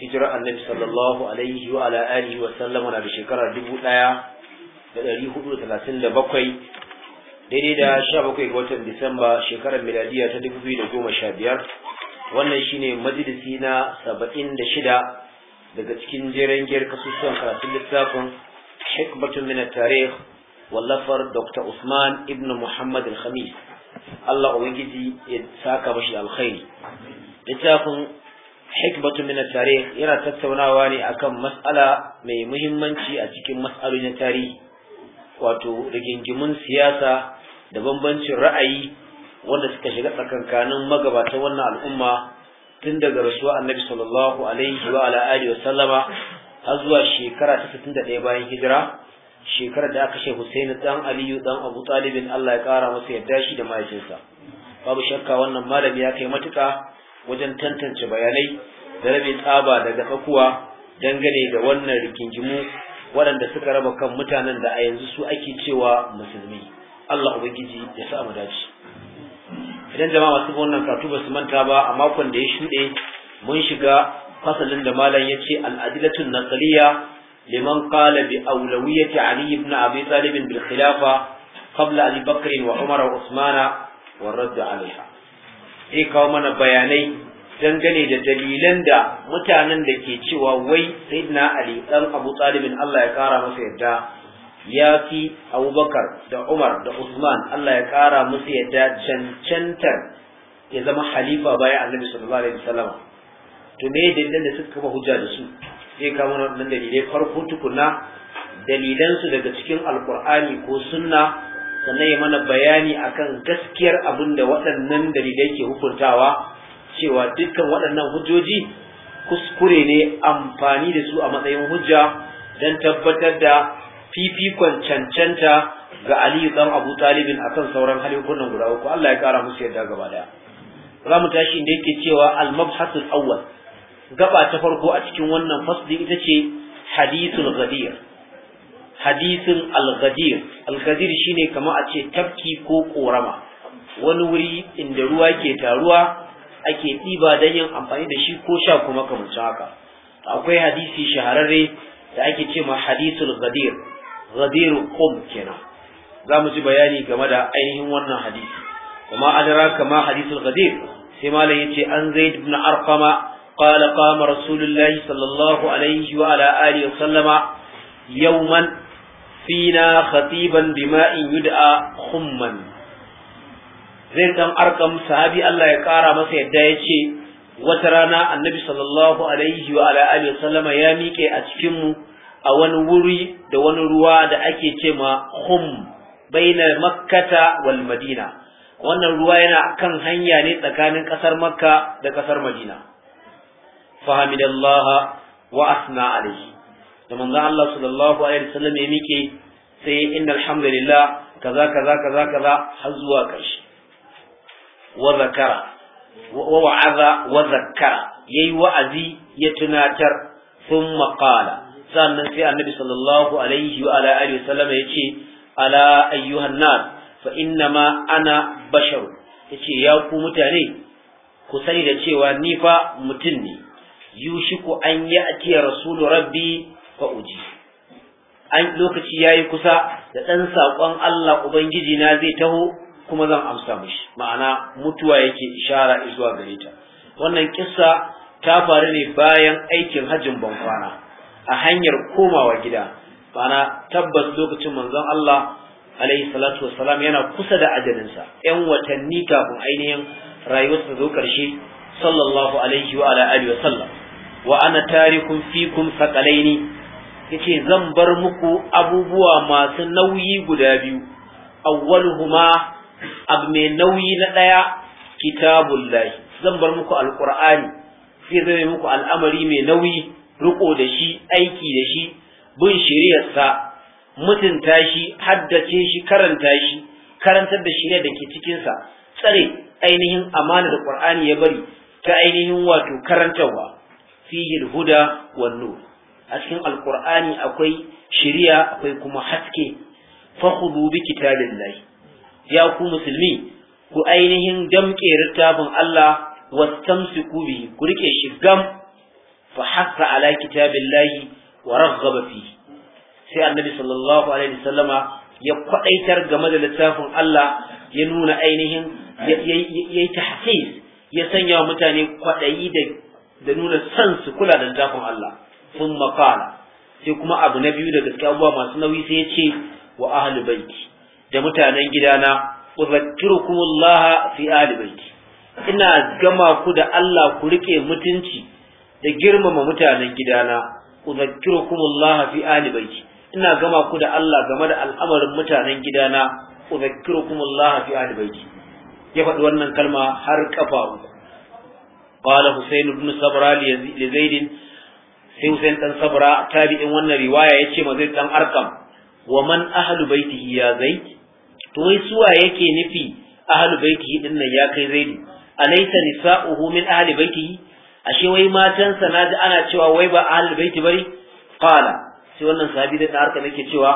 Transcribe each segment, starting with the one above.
hijirar annabi sallallahu alaihi wa ala alihi wa sallama na da shekara dubu ɗaya da ɗari hudu da talatin da bakwai daidai da 17 bakwai ga watan disamba shekarar miladiya ta dubu biyu da goma sha biyar wannan shine majalisi na saba'in da shida daga cikin jeren giyar kasusuwan karatun littafin hikmatun min tarikh wallafar dr usman ibn muhammad al-khamis allah ubangiji ya saka mashi alkhairi littafin hikmatu min tarikh yana tattaunawa ne akan mas'ala mai muhimmanci a cikin mas'aloli na tarihi wato rigingimun siyasa da bambancin ra'ayi wanda suka shiga tsakankanin magabatan wannan al'umma tun daga rasuwa annabi sallallahu alaihi wa ala alihi wa sallama har zuwa shekara ta 61 bayan hijira shekarar da aka ce Husaini dan Aliyu dan Abu Talib Allah ya kara masa yarda shi da mahaifinsa babu shakka wannan malami ya kai matuka wajen tantance bayanai da rabe tsaba daga tsakuwa dangane da wannan rikingimu waɗanda suka raba kan mutanen da a yanzu su ake cewa musulmi Allah ubangiji ya sa mu dace idan jama'a masu wannan karatu ba su manta ba a makon da ya shuɗe mun shiga fasalin da malam ya ce al'adilatun nasaliya liman qala bi awlawiyyati ali ibn abi talib bil khilafa qabla abi bakr wa umar wa usmana wa radd alaiha zai kawo mana bayanai dangane da dalilan da mutanen da ke cewa wai sayyidina ali dan abu talibin Allah ya kara masa yadda ya fi abubakar da umar da usman Allah ya kara musu yadda cancantar ya zama halifa bayan annabi sallallahu alaihi wasallam to me dalilan da suka kafa hujja da su Zai kawo mana wannan dalilai farko tukuna dalilan su daga cikin alqur'ani ko sunna sannan ya mana bayani akan gaskiyar abin da waɗannan dalilai ke hukuntawa cewa dukkan waɗannan hujjoji kuskure ne amfani da su a matsayin hujja don tabbatar da fifikon cancanta ga Aliyu dan Abu Talibin akan sauran halikunan guda uku Allah ya kara musu yadda gaba daya za mu tashi inda yake cewa al-mabhasul awwal gaba ta farko a cikin wannan fasli ita ce hadithul ghadir hadisin al-ghadir al-ghadir shine kamar a ce tafki ko korama wani wuri inda ruwa ke taruwa ake ɗiba don yin amfani da shi ko sha kuma kamancin haka akwai hadisi shahararre da ake ce ma hadisul ghadir ghadir qum kenan za mu ji bayani game da ainihin wannan hadisi kuma adraka kama hadisul ghadir sai malam yace an zaid ibn arqama qala qama rasulullahi sallallahu alaihi wa ala alihi wa sallama yawman fina khatiban bima'in yud'a khumman zai dan arkam sahabi Allah ya kara masa yadda ya ce wata rana annabi sallallahu alaihi wa ala ya miƙe a cikin mu a wani wuri da wani ruwa da ake ce ma khum baina makkata wal madina wannan ruwa yana kan hanya ne tsakanin ƙasar makka da ƙasar madina fahamidallaha wa asna alaihi da manzon Allah sallallahu alaihi wasallam ya mike sai innal hamdalillah kaza kaza kaza kaza har zuwa karshe wa zakara wa wa'aza wa zakara yayi wa'azi ya tunatar thumma qala sannan sai annabi sallallahu alaihi wa ala alihi wasallam yace ala ayyuhan nas fa innama ana bashar yace ya ku mutane ku sani da cewa ni fa mutum ne yushiku an yi atiya rasulu rabbi fa uji an lokaci yayi kusa da ɗan saƙon Allah ubangiji na zai taho kuma zan amsa mishi ma'ana mutuwa yake ishara zuwa gare ta wannan kissa ta faru ne bayan aikin hajjin bankwana a hanyar komawa gida ma'ana tabbas lokacin manzon Allah alaihi salatu wassalam yana kusa da ajalinsa yan watanni kafin ainihin rayuwarsa zo karshe sallallahu alaihi wa ala alihi wa sallam wa ana tarikum fikum saqalaini yace zan bar muku abubuwa masu nauyi guda biyu awwaluhuma abu mai nauyi na ɗaya kitabullahi zan bar muku alqur'ani sai zai muku al'amari mai nauyi riko da shi aiki da shi bin shiriyarsa mutunta shi haddace shi karanta shi karantar da shirya da ke cikinsa tsare ainihin amana da qur'ani ya bari ta ainihin wato karantarwa fihi huda wan nur a cikin alkur'ani akwai shiriya akwai kuma haske fakhudhu bi kitabillahi ya ku musulmi ku ainihin damƙe littafin Allah wastamsiku bihi ku rike shi gam fa hasa ala kitabillahi wa raghaba fi sai annabi sallallahu alaihi wasallama ya kwadaitar game da littafin Allah ya nuna ainihin yayi tahsis ya sanya mutane kwadayi da da nuna san su kula da littafin Allah sun makala sai kuma abu na biyu da gaske abubuwa masu nauyi sai ya ce wa ahli baiti da mutanen gidana uzakkirukumullah fi ahli baiti ina gama ku da Allah ku rike mutunci da girmama mutanen gidana uzakkirukumullah fi ahli baiti ina gama ku da Allah game da al'amarin mutanen gidana uzakkirukumullah fi ahli baiti ya faɗi wannan kalma har kafa uku قال حسين بن صبرا لزيد sai Hussein dan Sabra tabi'in wannan riwaya yace ma zai dan Arkam wa man ahlu baitihi ya zaid to wai suwa yake nufi ahlu baitihi din nan ya kai zaidi alaita nisa'uhu min ahli baitihi ashe wai matansa naji ana cewa wai ba ahlul baiti bari qala sai wannan sahabi da harka yake cewa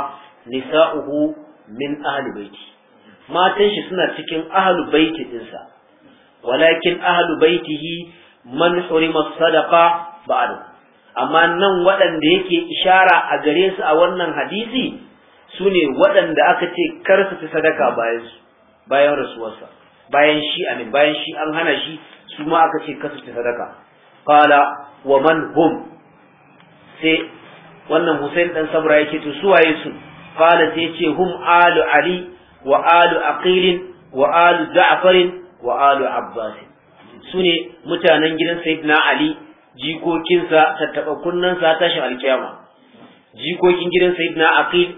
nisa'uhu min ahli baiti matan shi suna cikin ahlu baiti dinsa walakin ahlu baitihi man hurima sadaqa ba'da amma nan waɗanda yake ishara a gare su a wannan hadisi su ne waɗanda aka ce kar su sadaka bayan su rasuwarsa bayan shi amin bayan shi an hana shi su ma aka ce kar su sadaka kala wa man hum sai wannan Hussein dan Sabra yake to su waye su kala sai ce hum alu ali wa alu aqilin wa alu ja'far wa alu abbas su ne mutanen gidan sayyidina ali jikokinsa tattaɓa kunnensa tashin alkiyama jikokin gidan sayyidina aqil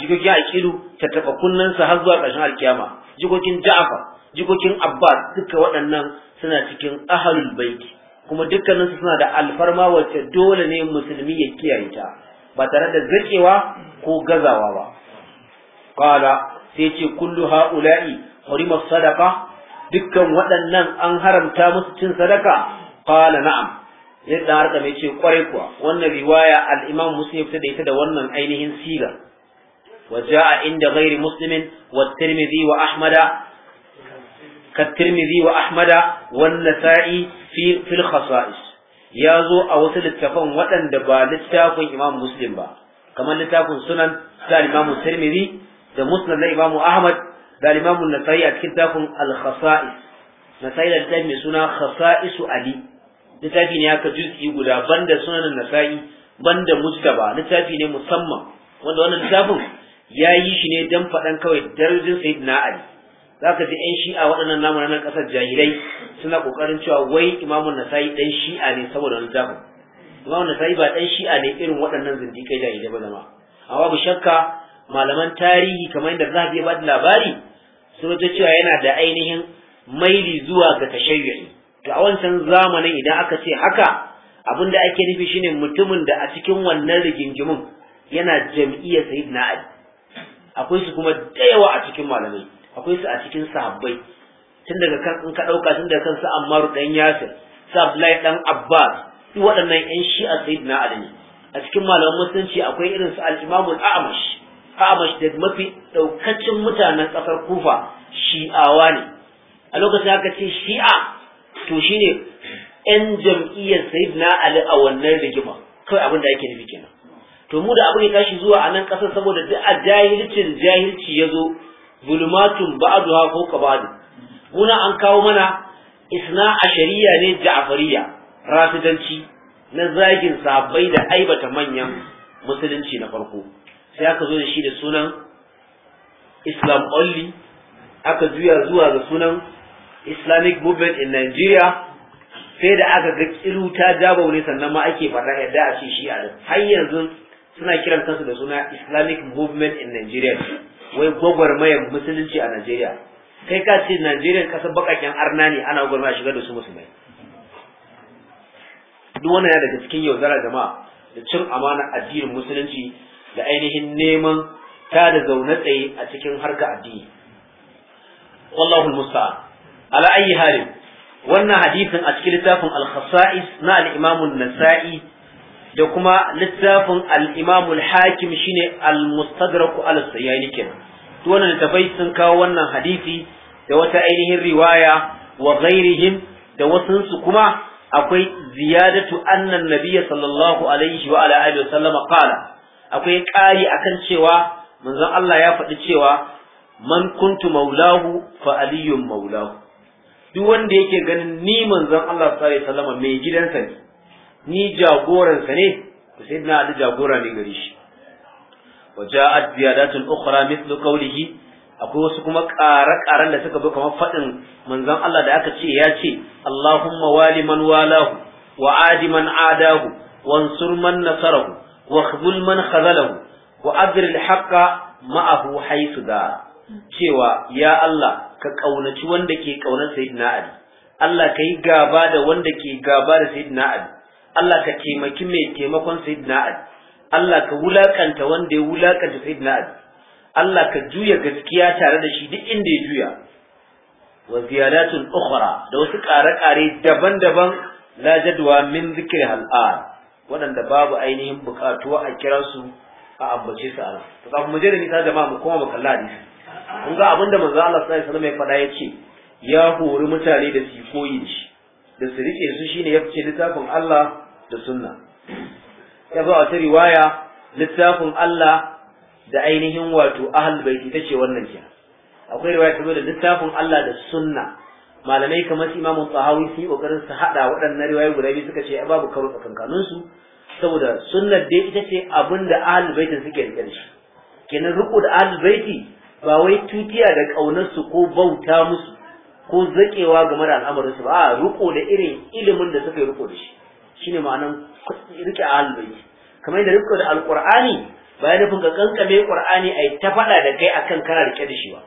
jikokin aqilu tattaɓa kunnensa har zuwa ƙarshen alkiyama jikokin ja'afa jikokin abbas duka waɗannan suna cikin ahlul bait kuma dukkaninsu suna da alfarma wacce dole ne musulmi ya kiyaye ba tare da zakewa ko gazawa ba qala sai ce kullu haula'i hurima sadaqa dukkan waɗannan an haramta musu cin sadaka qala na'am zai harka mai ce kwarai kuwa wannan riwaya al-imam muslim ta da ita da wannan ainihin siga wa ja'a inda ghairi muslimin wa tirmidhi wa ahmada ka tirmidhi wa ahmada wan nasa'i fi fil khasa'is ya zo a wasu littafan waɗanda ba littafin imam muslim ba kamar littafin sunan da imam tirmidhi da musnad na imam ahmad da imam nasa'i a cikin littafin al-khasa'is nasa'i da littafin mai suna khasa'isu ali littafi ne haka juz'i guda banda sunanin nasa'i banda mustaba littafi ne musamman wanda wannan littafin ya yi shi ne don faɗan kawai darajin sayyidina ali ka ji yan shi'a waɗannan namun ranar ƙasar jahilai suna ƙoƙarin cewa wai imamun nasa'i ɗan shi'a ne saboda wani littafin imamun nasa'i ba ɗan shi'a ne irin waɗannan zindikai jahilai ba zama amma babu shakka malaman tarihi kamar yadda za zahabi ya ba da labari sun cewa yana da ainihin maili zuwa ga tashayyu'i to a wancan zamanin idan aka ce haka abin da ake nufi shine mutumin da a cikin wannan rigingimin yana jam'iyyar sayyidina ali akwai su kuma da yawa a cikin malamai akwai su a cikin sahabbai tun daga kan in ka dauka tun daga kan su ammaru dan yasir su abdullahi dan abbas duk waɗannan yan shi'a sayyidina ali ne a cikin malaman musulunci akwai irin su al al a'mash a'mash da mafi daukacin mutanen kasar kufa shi'awa ne a lokacin haka ce shi'a to shi ne yan jam'iyyar na ali a wannan rigima kawai abin da ake nufi kenan to mu da abin ya tashi zuwa a nan ƙasar saboda duk a jahilcin jahilci ya zo zulmatun ko ka ba'd muna an kawo mana isna a shari'a ne ja'fariya rafidanci na zagin sabai da aibata manyan musulunci na farko sai aka zo da shi da sunan islam only aka juya zuwa ga sunan islamic movement in nigeria sai da aka ga tsiru ta Wani sannan ma ake faɗa yadda a ce shi a har yanzu suna kiran kansu da suna islamic movement in nigeria wai gwagwarmayar musulunci a nigeria kai ka ce nigeria kasar bakaken arna ne ana gwagwarmaya shiga da su musulmai duk wannan yana daga cikin zara jama'a da cin amana addinin musulunci da ainihin neman ta da zaune tsaye a cikin harka addini wallahu musta'an ala ayi halin wannan hadisin a cikin littafin al-khasa'is na al-imam an-nasa'i da kuma littafin al-imam al-hakim shine al-mustadrak al-sayyani kenan to wannan tafai sun kawo wannan hadisi da wata ainihin riwaya wa ghairihim da wasu su kuma akwai ziyadatu annan Nabiya sallallahu alaihi wa ala alihi wa sallama qala akwai ƙari akan cewa manzon Allah ya faɗi cewa man kuntu maulahu fa aliyyun maulahu duk wanda yake ganin ni manzon Allah sallallahu alaihi wasallam mai gidansa ne ni jagoransa ne to sai na da jagora ne gare shi wa ja'at ziyadatun ukhra mithlu qawlihi akwai wasu kuma ƙare-ƙaren da suka bi kamar faɗin manzon Allah da aka ce ya ce Allahumma wali man walahu wa adi man adahu wansur man nasarahu wa khzul man khazalahu wa adril haqqa ma'ahu haythu da cewa ya Allah ka kaunaci wanda ke kaunar sayyidina ali Allah ka yi gaba da wanda ke gaba da sayyidina ali Allah ka taimaki mai taimakon sayyidina ali Allah ka wulakanta wanda ya wulakanta sayyidina ali Allah ka juya gaskiya tare da shi duk inda ya juya wa ziyadatun ukhra da wasu ƙare-ƙare daban-daban la jadwa min zikri al'an waɗanda babu ainihin buƙatuwa a kira su a ambace su a nan to kafin mu je da nisa jama'a mu koma mu kalla hadisi kun ga abinda manzo Allah sallallahu alaihi wasallam ya faɗa ya hori mutane da su koyi shi da su rike su shine ya fice littafin Allah da sunna ya zo a ta riwaya littafin Allah da ainihin wato ahlul baiti tace wannan ke akwai riwaya ta zo da littafin Allah da sunna malamai kamar su imamu tsahawi su yi kokarin su haɗa waɗannan riwaya guda biyu suka ce babu karo tsakankanin su saboda sunnar dai ita ce abin da ahlul baitin suke rike da shi kenan riko da Ahal baiti ba wai tutiya da ƙaunarsu ko bauta musu ko zaƙewa game da al'amarinsu ba a riko da irin ilimin da suka yi riko da shi shine ma'anan rike albayi kamar yadda riko da alƙur'ani ba ya nufin ka kankame ƙur'ani a ta faɗa da kai akan kana rike da shi ba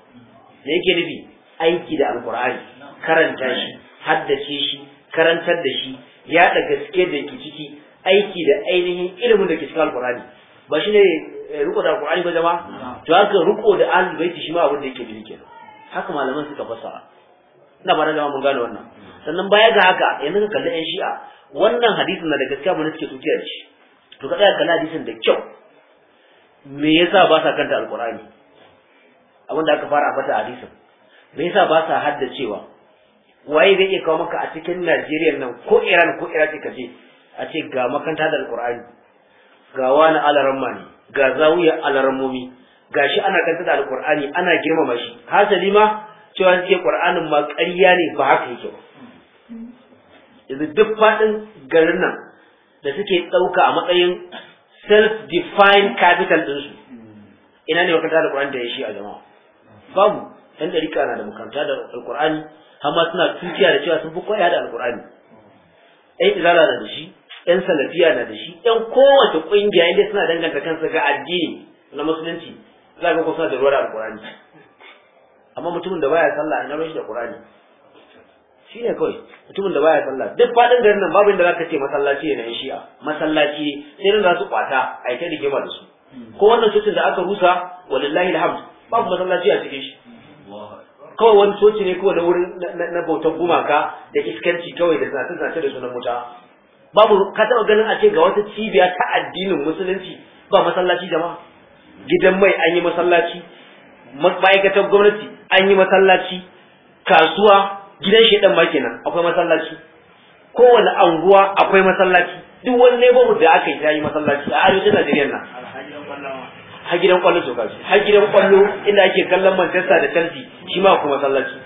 me yake nufi aiki da alƙur'ani karanta shi haddace shi karantar da shi yaɗa gaske da ke ciki aiki da ainihin ilimin da ke cikin alƙur'ani ba shine Eh, riko da alqur'ani ba jama'a to haka riko da ahlul baiti shi ma abin da yake bi kenan haka malaman suka fasara ina ba da mun gane wannan sannan baya ga haka yanzu ka kalli yan shi'a wannan hadisin na da gaskiya mun suke tukiya shi to ka tsaya kalli hadisin da kyau me yasa ba sa kanta alqur'ani abin da aka fara a fata hadisin me yasa ba sa haddacewa waye zai iya kawo maka a cikin Najeriya nan ko Iran ko Iraq ka je a ce ga makanta da Alƙur'ani ga wani alaran ne ga zawiya alarmomi gashi ana kanta da alqur'ani ana girmama shi hasali ma cewa ce qur'anin ma ƙarya ne ba haka yake ba yanzu duk faɗin garin nan da suke ɗauka a matsayin self-defined capital ɗinsu ina ne makaranta da da ya shi a jama'a babu ɗan ɗarika na da makaranta da alqur'ani amma suna tukiya da cewa sun fi koya da alqur'ani Ai ɗan izala da shi yan salafiya na da shi yan kowace kungiya inda suna danganta kansa ga addini na musulunci za ka kusa da ruwar alkurani amma mutumin da baya sallah ina shi da ƙur'ani. shi ne kawai mutumin da baya sallah duk faɗin garin nan babu inda za ka ce masallaci ne na shi'a masallaci sai nan za su kwata a ta rigima da su ko wannan cocin da aka rusa walillahi alhamd babu masallaci a cikin shi kawai wani coci ne kawai na wurin na bautar gumaka da iskanci kawai da zinace-zinace da sunan wuta babu ka taɓa ganin a ce ga wata cibiya ta addinin musulunci ba masallaci jama'a gidan mai an yi masallaci ma'aikatan gwamnati an yi masallaci kasuwa gidan shaidan ma kenan akwai masallaci kowane anguwa akwai masallaci duk wani neighborhood da aka yi ta yi masallaci a arewacin Najeriya na har gidan kwallo to kashi har gidan kwallo inda ake kallon Manchester da Chelsea shi ma akwai masallaci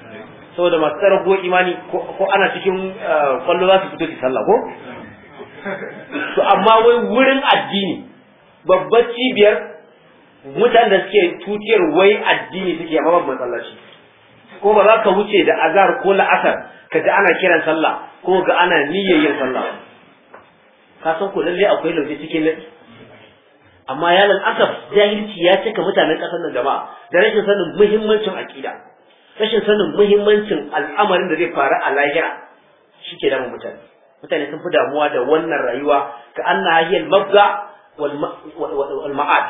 saboda masu tsara ko imani ko ana cikin eh, kwallo za su fito su sallah ko to amma wai wurin addini babbar cibiyar mutanen da suke tutiyar wai addini suke amma babban masallaci ko ba za ka wuce da azar ko la'asar ka ji ana kiran sallah ko ga ana niyyar yin sallah ka san ko lalle akwai lauje cikin lalle amma yalan asaf jahilci ya cika mutanen ƙasar nan jama'a da rashin sanin muhimmancin aƙida rashin sanin muhimmancin al'amarin da zai faru a lahira shi ke damun mutane mutane sun fi damuwa da wannan rayuwa ka na hiyal mabza wal ma'ad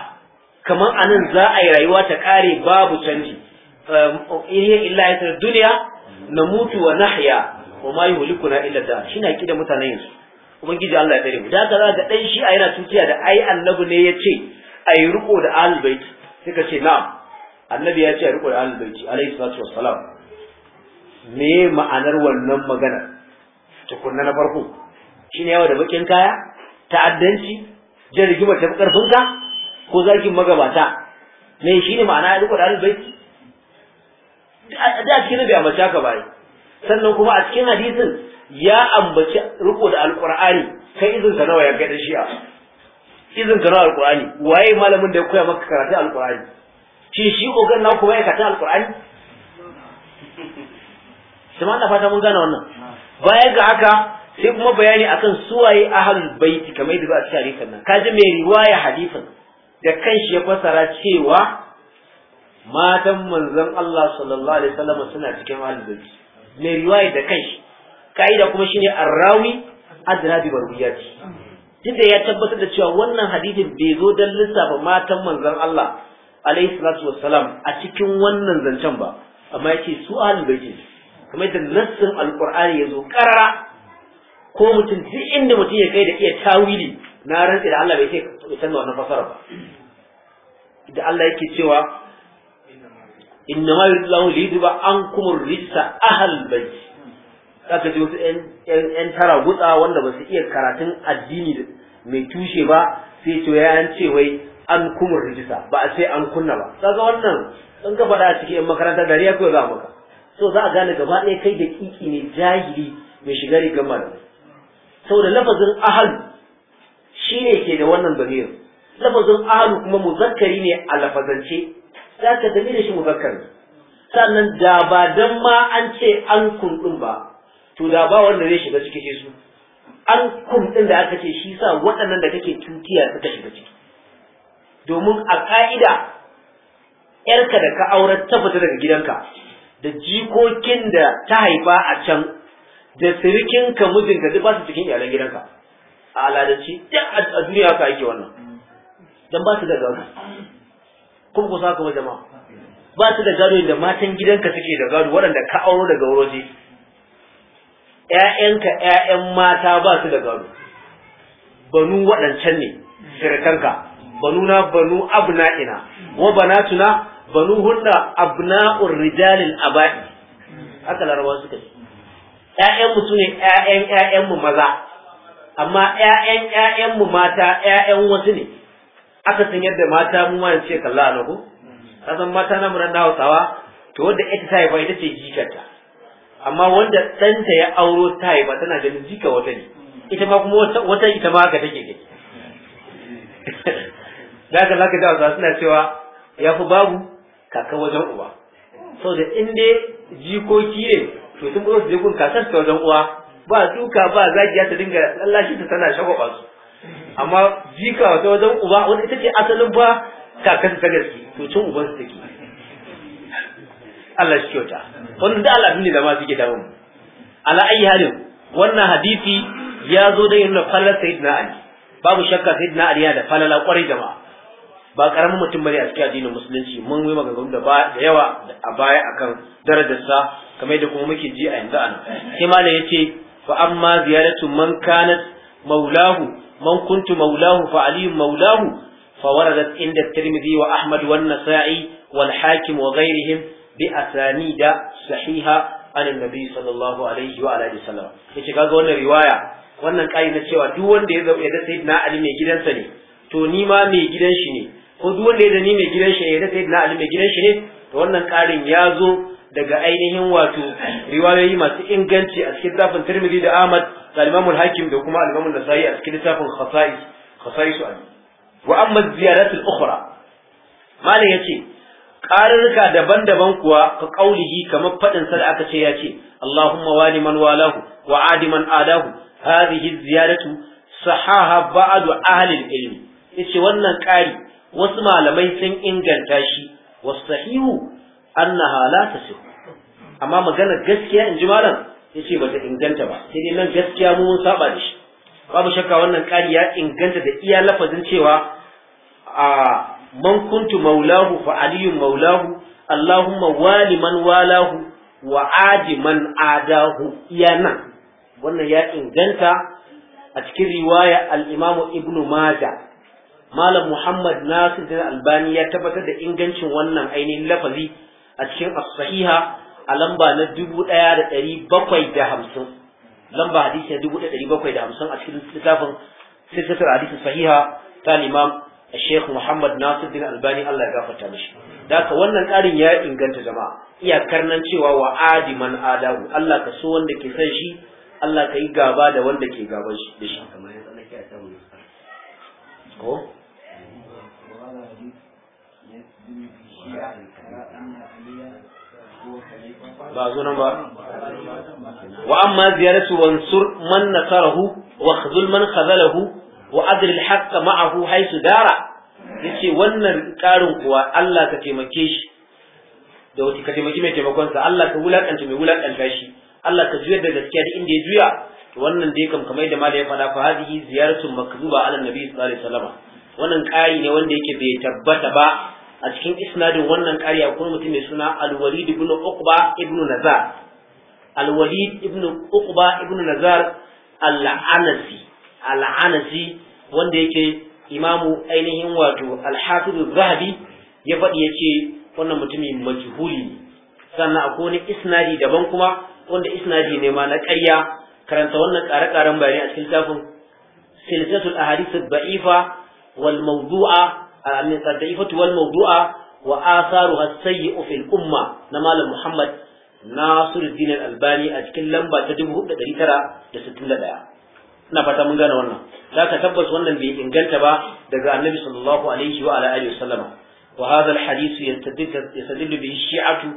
kamar anan za a yi rayuwa ta kare babu canji ehm, iriya illa ya duniya na mutu wa nahya wa ma yuhlikuna illa da shi na kida mutanen yanzu ubangiji Allah ya tsare mu da za ga dan shi a yana tuciya da ai annabi ne ya ce ai riko da ahlul sai suka ce na'am annabi ya ce ai riko da ahlul bait alaihi salatu wassalam me ma'anar wannan magana tukunna na farko shine yawa da bakin kaya ta'addanci jin rigima ta karfin ka ko zakin magabata me shine ma'ana ya riko da albaiti da a cikin a mace haka bai sannan kuma a cikin hadisin ya ambaci ruko da alqur'ani kai izin ka nawa ya da shi a izin ka nawa alqur'ani waye malamin da ya koya maka karatu alqur'ani shi shi ogan na kuma ya karatu alqur'ani Sama na fata mun gane wannan baya ga haka sai kuma bayani akan suwaye ahlul baiti kamar yadda ba a cikin hadisin nan kaji mai riwaya hadisin da kanshi ya fasara cewa matan manzon Allah sallallahu alaihi wasallam suna cikin ahlul baiti mai riwaya da kanshi kaida kuma shine arrawi adna bi barwiyati tunda ya tabbatar da cewa wannan hadisin bai zo dan lissafa matan manzon Allah alaihi salatu wassalam a cikin wannan zancen ba amma yake su ahlul baiti kamar yadda nassin alqur'ani ya zo karara ko mutum duk inda mutum ya kai da iya tawili na rantsi da Allah bai ce bai canza wannan fasara ba da Allah yake cewa inna ma yuridullahu li yudba ankum rijsa ahal bayt zaka ji wasu yan tara gutsa wanda ba su iya karatun addini mai tushe ba sai to ya an ce wai an kumur rijisa ba a ce an kunna ba kaga wannan in ka faɗa a cikin yan makaranta dariya kawai za maka so za a gane gaba ɗaya kai da kiki ne jahili mai shiga rigar malamai saboda lafazin ahal shi ne ke da wannan damirin lafazin ahal kuma muzakkari ne a lafazance za ka da shi muzakkari sannan da ba dan ma an ce an kundin ba to da ba wanda zai shiga ciki sai su an kundin da aka ce shi sa waɗannan da kake tutiya suka shiga ciki domin a ƙa'ida ‘yarka da ka aurar ta daga gidanka da jikokin da ta haifa a can da sirikinka mijinka duk ba su cikin iyalan gidanka a aladanci duk a duniya ka ake wannan dan ba su da gado kuma ku kuma wajen ba su da gado da matan gidanka suke da gado waɗanda ka auro daga waje Ya'yanka ƴaƴan mata ba su da gado banu waɗancan ne sirikanka banu na banu abna'ina wa banatuna banu hunna abna'ur al aba'i haka larawa suka ce ƴaƴan mu sune ƴaƴan ƴaƴan mu maza amma ƴaƴan ƴaƴan mu mata ƴaƴan wasu ne aka san yadda mata mu ma ce kalla na ko kasan mata na mu randa Hausawa to wanda ita ta haifa ita ce jikarta amma wanda ɗanta ya auro ta haifa tana ganin jika wata ne ita ma kuma wata ita ma haka take gani da haka zaka ji suna cewa ya fi babu kaka wajen uwa da in dai jikoki ne to sun zo su je gun kakar ta wajen uwa ba duka ba zagiya ta dinga lallashi ta tana shagwaba su amma jika wata wajen uba wanda ita ce asalin ba kakar ta gaske to cin uban su take Allah shi kyauta wannan da al'adun ne da ma suke damu ala ayi halin wannan hadisi ya zo da yin falala sayyidina ali babu shakka sayyidina ali yana da falala kwarai jama'a ba karamin mutum bane a cikin addinin musulunci mun yi maganganu da da yawa a baya akan darajarsa kamar da kuma muke ji a yanzu anan sai malam yace fa amma ziyaratu man kanat maulahu man kuntu maulahu fa aliyu maulahu fa waradat inda tirmidhi wa ahmad wa nasa'i wal hakim wa ghayrihim bi asanida sahiha an annabi sallallahu alaihi wa alihi wasallam yace kaga wannan riwaya wannan kai na cewa duk wanda ya zama da sayyidina ali mai gidansa ne to ni ma mai gidan shi ne ko duk wanda ya zani mai gidan shi ya sai na ali mai gidan shi ne to wannan karin ya zo daga ainihin wato riwayoyi masu inganci a cikin zafin tirmidhi da ahmad da al hakim da kuma al-imamul nasai a cikin littafin khasa'is khasa'is ali wa amma ziyaratul ukhra malam yace ƙarurruka daban-daban kuwa ka ƙaulihi kamar faɗin sa da aka ce ya ce Allahumma wali man walahu wa adi man adahu hadhihi ziyaratu sahaha ba'du ahli ilmi yace wannan ƙari wasu malamai sun inganta shi wasu sahihu annaha la su amma magana gaskiya in ji malam Ya yace bata inganta ba sai dai nan gaskiya mu mun saba da shi babu shakka wannan ƙari ya inganta da iya lafazin cewa a man kuntu maulahu fa aliyun maulahu allahumma wali man walahu wa adi man adahu iya nan wannan ya inganta a cikin riwaya al-imamu ibnu majah malam muhammad nasir albani ya tabbatar da ingancin wannan ainihin lafazi a cikin as-sahiha a lamba na dubu ɗaya da ɗari bakwai da hamsin lamba hadisi na dubu ɗaya ɗari bakwai da hamsin a cikin littafin silsilar hadisi sahiha ta imam Sheikh Muhammad Nasir bin Albani Allah ya gafarta mishi daka wannan tsarin ya inganta jama'a iyakar nan cewa wa adiman adahu Allah ka so wanda ke san shi Allah ka yi gaba da wanda ke gaban shi da shi ko ba zo nan ba wa amma ziyaratu wansur man nasarahu wa khzul man khazalahu wa adri al-haqq ma'ahu haythu dara yace wannan karin kuwa Allah ka taimake shi da wuce ka taimaki mai taimakon sa Allah ka wulakanta mai wulakanta shi Allah ka juyar da gaskiya da inda ya juya to wannan dai kam kamar da malai ya faɗa fa hadihi ziyaratu makzuba ala nabi sallallahu alaihi wasallam wannan kai ne wanda yake bai tabbata ba a cikin isnadin wannan ƙarya kuma mutum mai suna alwalid ibn uqba ibn nazar alwalid ibn uqba ibn nazar al-anasi al-anasi wanda yake imamu ainihin wato al-hafiz zahabi ya faɗi yace wannan mutumi majhuli ne sannan akwai wani isnadi daban kuma wanda isnadi ne ma na ƙarya karanta wannan ƙare-ƙaren bayani a cikin tafin silsilatul ahadith ad-da'ifa wal mawdu'a min al-da'ifatu wal mawdu'a wa atharuha as-sayyi'u fil umma na malam Muhammad Nasiruddin Al-Albani a cikin lamba ta 4961 ina fata mun gane wannan za ka tabbas wannan bai inganta ba daga annabi sallallahu alaihi wa ala alihi wasallama wa hadha alhadith yastadillu bihi shi'atu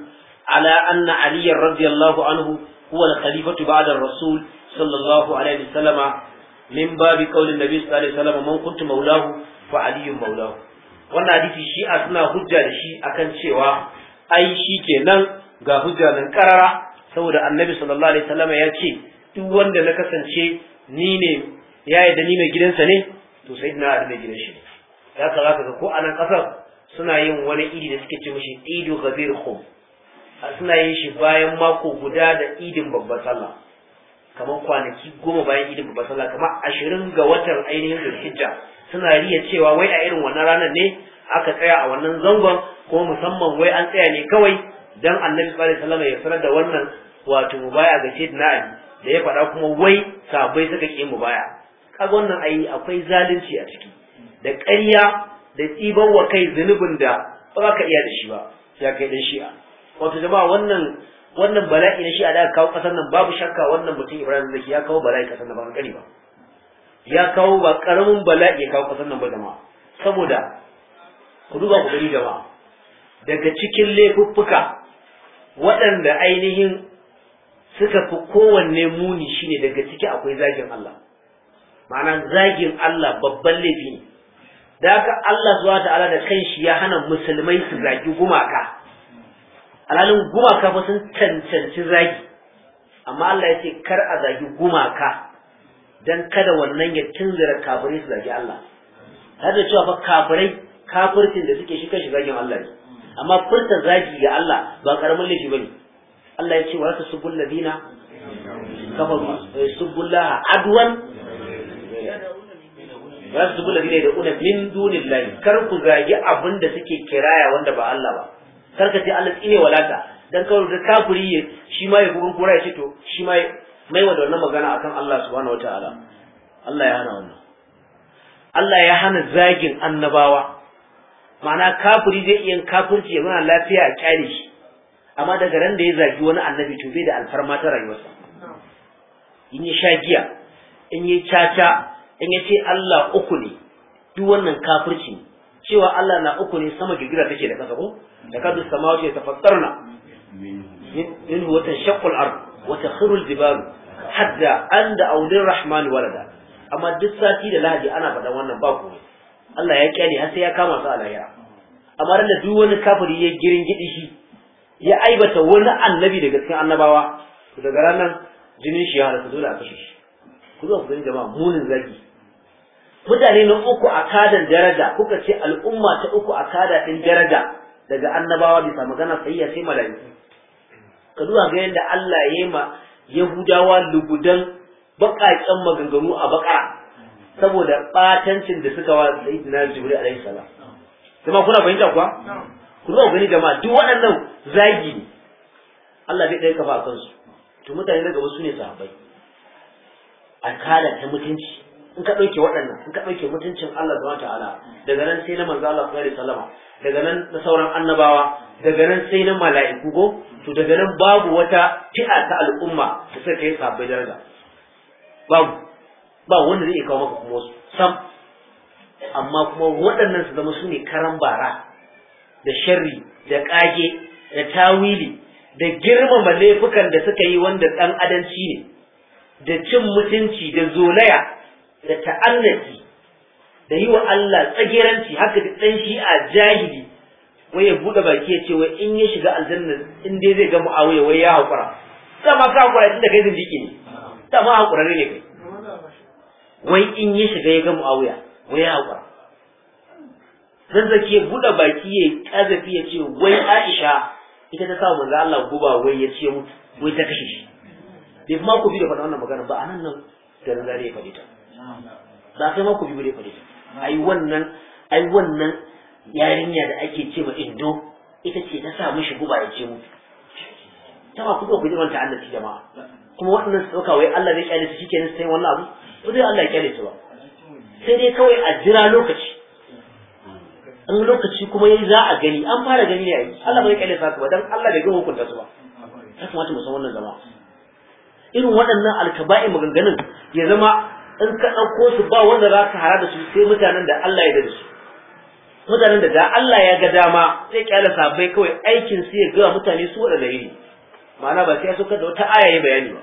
ala anna ali radiyallahu anhu huwa alkhalifatu ba'da ar-rasul sallallahu alaihi wasallama min babi qawli nabi sallallahu alaihi wasallam man maulahu wannan hadisi shi'a suna hujja da shi akan cewa ai shi kenan ga hujja nan karara saboda annabi sallallahu alaihi wasallam ya ce duk wanda na kasance ni ne ya da ni mai gidansa ne to sai na da gidan shi ya ka zaka ga ko a nan kasar suna yin wani idi da suke ce mishi idu ghazir khum suna yin shi bayan mako guda da idin babbar sallah kamar kwanaki goma bayan idin babbar sallah kamar ashirin ga watan ainihin zulhijja suna riya cewa wai a irin wannan ranar ne aka tsaya a wannan zangon ko musamman wai an tsaya ne kawai dan annabi sallallahu alaihi wasallam ya sanar da wannan wato mubaya ga na ali da ya faɗa kuma wai sabai suka ki mubaya kaga wannan ai akwai zalunci a ciki da ƙarya da tsiban wa kai zunubin da ba ka iya da shi ba ya kai dan shi'a wato jama'a wannan wannan bala'i na shi'a da aka kawo ƙasar nan babu shakka wannan mutum ibrahim zaki ya kawo bala'i ƙasar nan ba ƙari ba ya kawo ba karamin bala'i ya kawo kasar nan ba jama'a saboda ku duba ku gani jama'a daga cikin laifuffuka waɗanda ainihin suka fi kowanne muni shine daga ciki akwai zagin Allah ma'ana zagin Allah babban laifi ne da haka Allah zuwa ta'ala da kanshi ya hana musulmai su zagi gumaka alalin gumaka fa sun cancanci zagi amma Allah ya ce kar a zagi gumaka dan kada wannan ya tunzura kafirai su zagi Allah har da cewa fa kafirai kafircin da suke shi kan shi zagin Allah ne amma furta zagi ga Allah ba karamin laifi bane Allah ya ce wa ta subul ladina kafaru eh, subullaha adwan ba su subul ladina da una min dunillahi kar ku zagi abin da suke kiraya wanda ba Allah ba kar ka ce Allah tsine walata dan kawai da kafiri shi ma ya gurgura ya ce to shi ma mai wa da wannan magana akan Allah subhanahu wataala Allah ya hana wannan Allah ya hana zagin annabawa ma'ana kafuri zai iya kafirci ya muna lafiya a kyale shi amma daga ran da ya zagi wani annabi to bai da alfarma ta rayuwarsa in ya sha giya in ya caca in ya ce Allah uku ne duk wannan kafirci cewa Allah na uku ne sama girgira take da kasa ko da kadu samawa ce ta fassarna min watan shaqqul ard wa takhiru hadda an da aulin rahman walada amma duk sati da lahadi ana faɗan wannan ba ku Allah ya kyale har sai ya kama su a lahira amma da duk wani kafiri ya girin gidi shi ya aibata wani annabi daga cikin annabawa to daga ranar jinin shi ya halatta dole a kashe shi ku zo ku gani jama'a munin zagi mutane na uku a kadan daraja kuka ce al'umma ta uku a kada din daraja daga annabawa bisa magana sayya sai mala'iku ka duba ga yadda Allah ya yi ma yahudawa lugudan baƙaƙen maganganu a baƙa saboda batancin da suka wa sayyidina jibril alaihi salam kuma kuna fahimta kuwa ku zo gani jama'a duk waɗannan zagi ne Allah bai ɗaya kafa a kansu to mutane daga wasu ne sahabbai akala ta mutunci in ka ɗauke waɗannan in ka ɗauke mutuncin Allah subhanahu ta'ala daga nan sai na manzo Allah sallallahu alaihi sallama, daga nan na sauran annabawa daga nan sai na mala'iku ko to daga nan babu wata fi'a ta al'umma da suka yi sahabbai daraja babu ba wanda zai kawo maka kuma wasu sam amma kuma waɗannan su zama su ne karan bara da sharri da ƙage da tawili da girmama laifukan da suka yi wanda ɗan adanci ne da cin mutunci da zolaya da ta'allaki da yi wa Allah tsageranci haka da ɗan shi'a jahili wai ya buɗe baki ya ce wai in ya shiga aljanna in dai zai ga mu'awiya wai ya haƙura dama ka haƙura tun da kai zindiki ne dama haƙurare ne kai wai in ya shiga ya ga mu'awiya wai ya haƙura zaki ya buɗe baki ya kazafi ya ce wai aisha ita ta samu manzo Allah guba wai ya ce mutu wai ta kashe shi bai ma ku bi da faɗa wannan magana ba a nan nan da zare ya faɗi ta ba kai ma ku bi bare bare ai wannan ai wannan yarinya da ake ce ma indo ita ce ta sa mishi guba ya ce mu ta ba ku ku ji wannan Allah jama'a kuma wannan su ɗauka wai Allah zai kyale su shi kenan sai wannan abu ko dai Allah ya kyale su ba sai dai kawai a jira lokaci in lokaci kuma yayi za a gani an fara gani ne ai Allah bai kyale su ba dan Allah bai ga hukunta su ba ta kuma mu san wannan zama irin waɗannan alkaba'i maganganun ya zama in ka ɗauko su ba wanda za ka hara da su sai mutanen da Allah ya da su mutanen da da Allah ya ga dama sai kyala sabai kawai aikin su ya ga mutane su wada iri ma'ana ba sai ya da wata aya bayani ba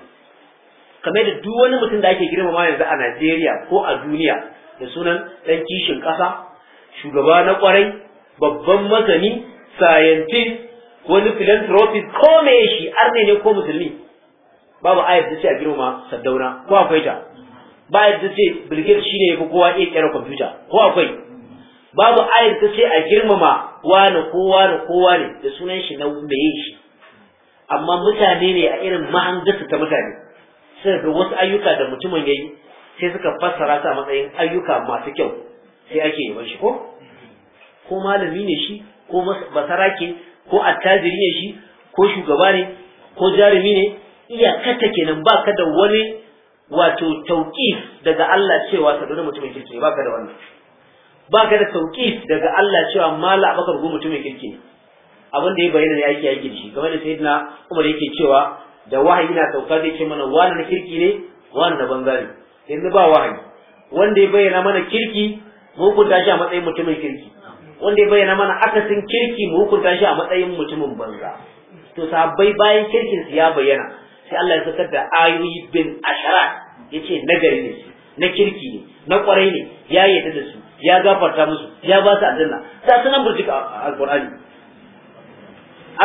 kamar da duk wani mutum da ake girma girmama yanzu a Najeriya ko a duniya da sunan ɗan kishin ƙasa shugaba na kwarai, babban masani scientist wani philanthropist ko me shi arne ne ko musulmi babu ayat da ce a girma saddauna ko akwai ta ba yadda ce bilgir shi ne ya fi kowa iya kera kwamfuta ko akwai babu ayar ta ce a girmama wani kowa da kowa ne da sunan shi na yin shi amma mutane ne a irin mahangasa ta mutane sai da wasu ayyuka da mutumin ya yi sai suka fassara su matsayin ayyuka masu kyau sai ake yi shi ko ko malami ne shi ko basarake ko attajiri ne shi ko shugaba ne ko jarumi ne iyakata kenan ba ka da wani wato tauƙif daga Allah cewa saduna mutumin kirki ne ka da wannan ka da tauƙif daga Allah cewa mala abakar gu mutumin kirki ne abin da ya bayyana ne yake yake shi kamar da sayyidina Umar yake cewa da wahayi na sauka zai ce mana wani na kirki ne wani na bangare yanzu ba wahayi wanda ya bayyana mana kirki mu hukunta shi a matsayin mutumin kirki wanda ya bayyana mana akasin kirki mu hukunta shi a matsayin mutumin banza to sahabbai bayan kirkin su ya bayyana sai Allah ya fitar da ayoyi bin ashara yace nagari ne su na kirki ne na kwarai ne ya yarda da su ya gafarta musu ya ba su aljanna ta sanan burjika alqur'ani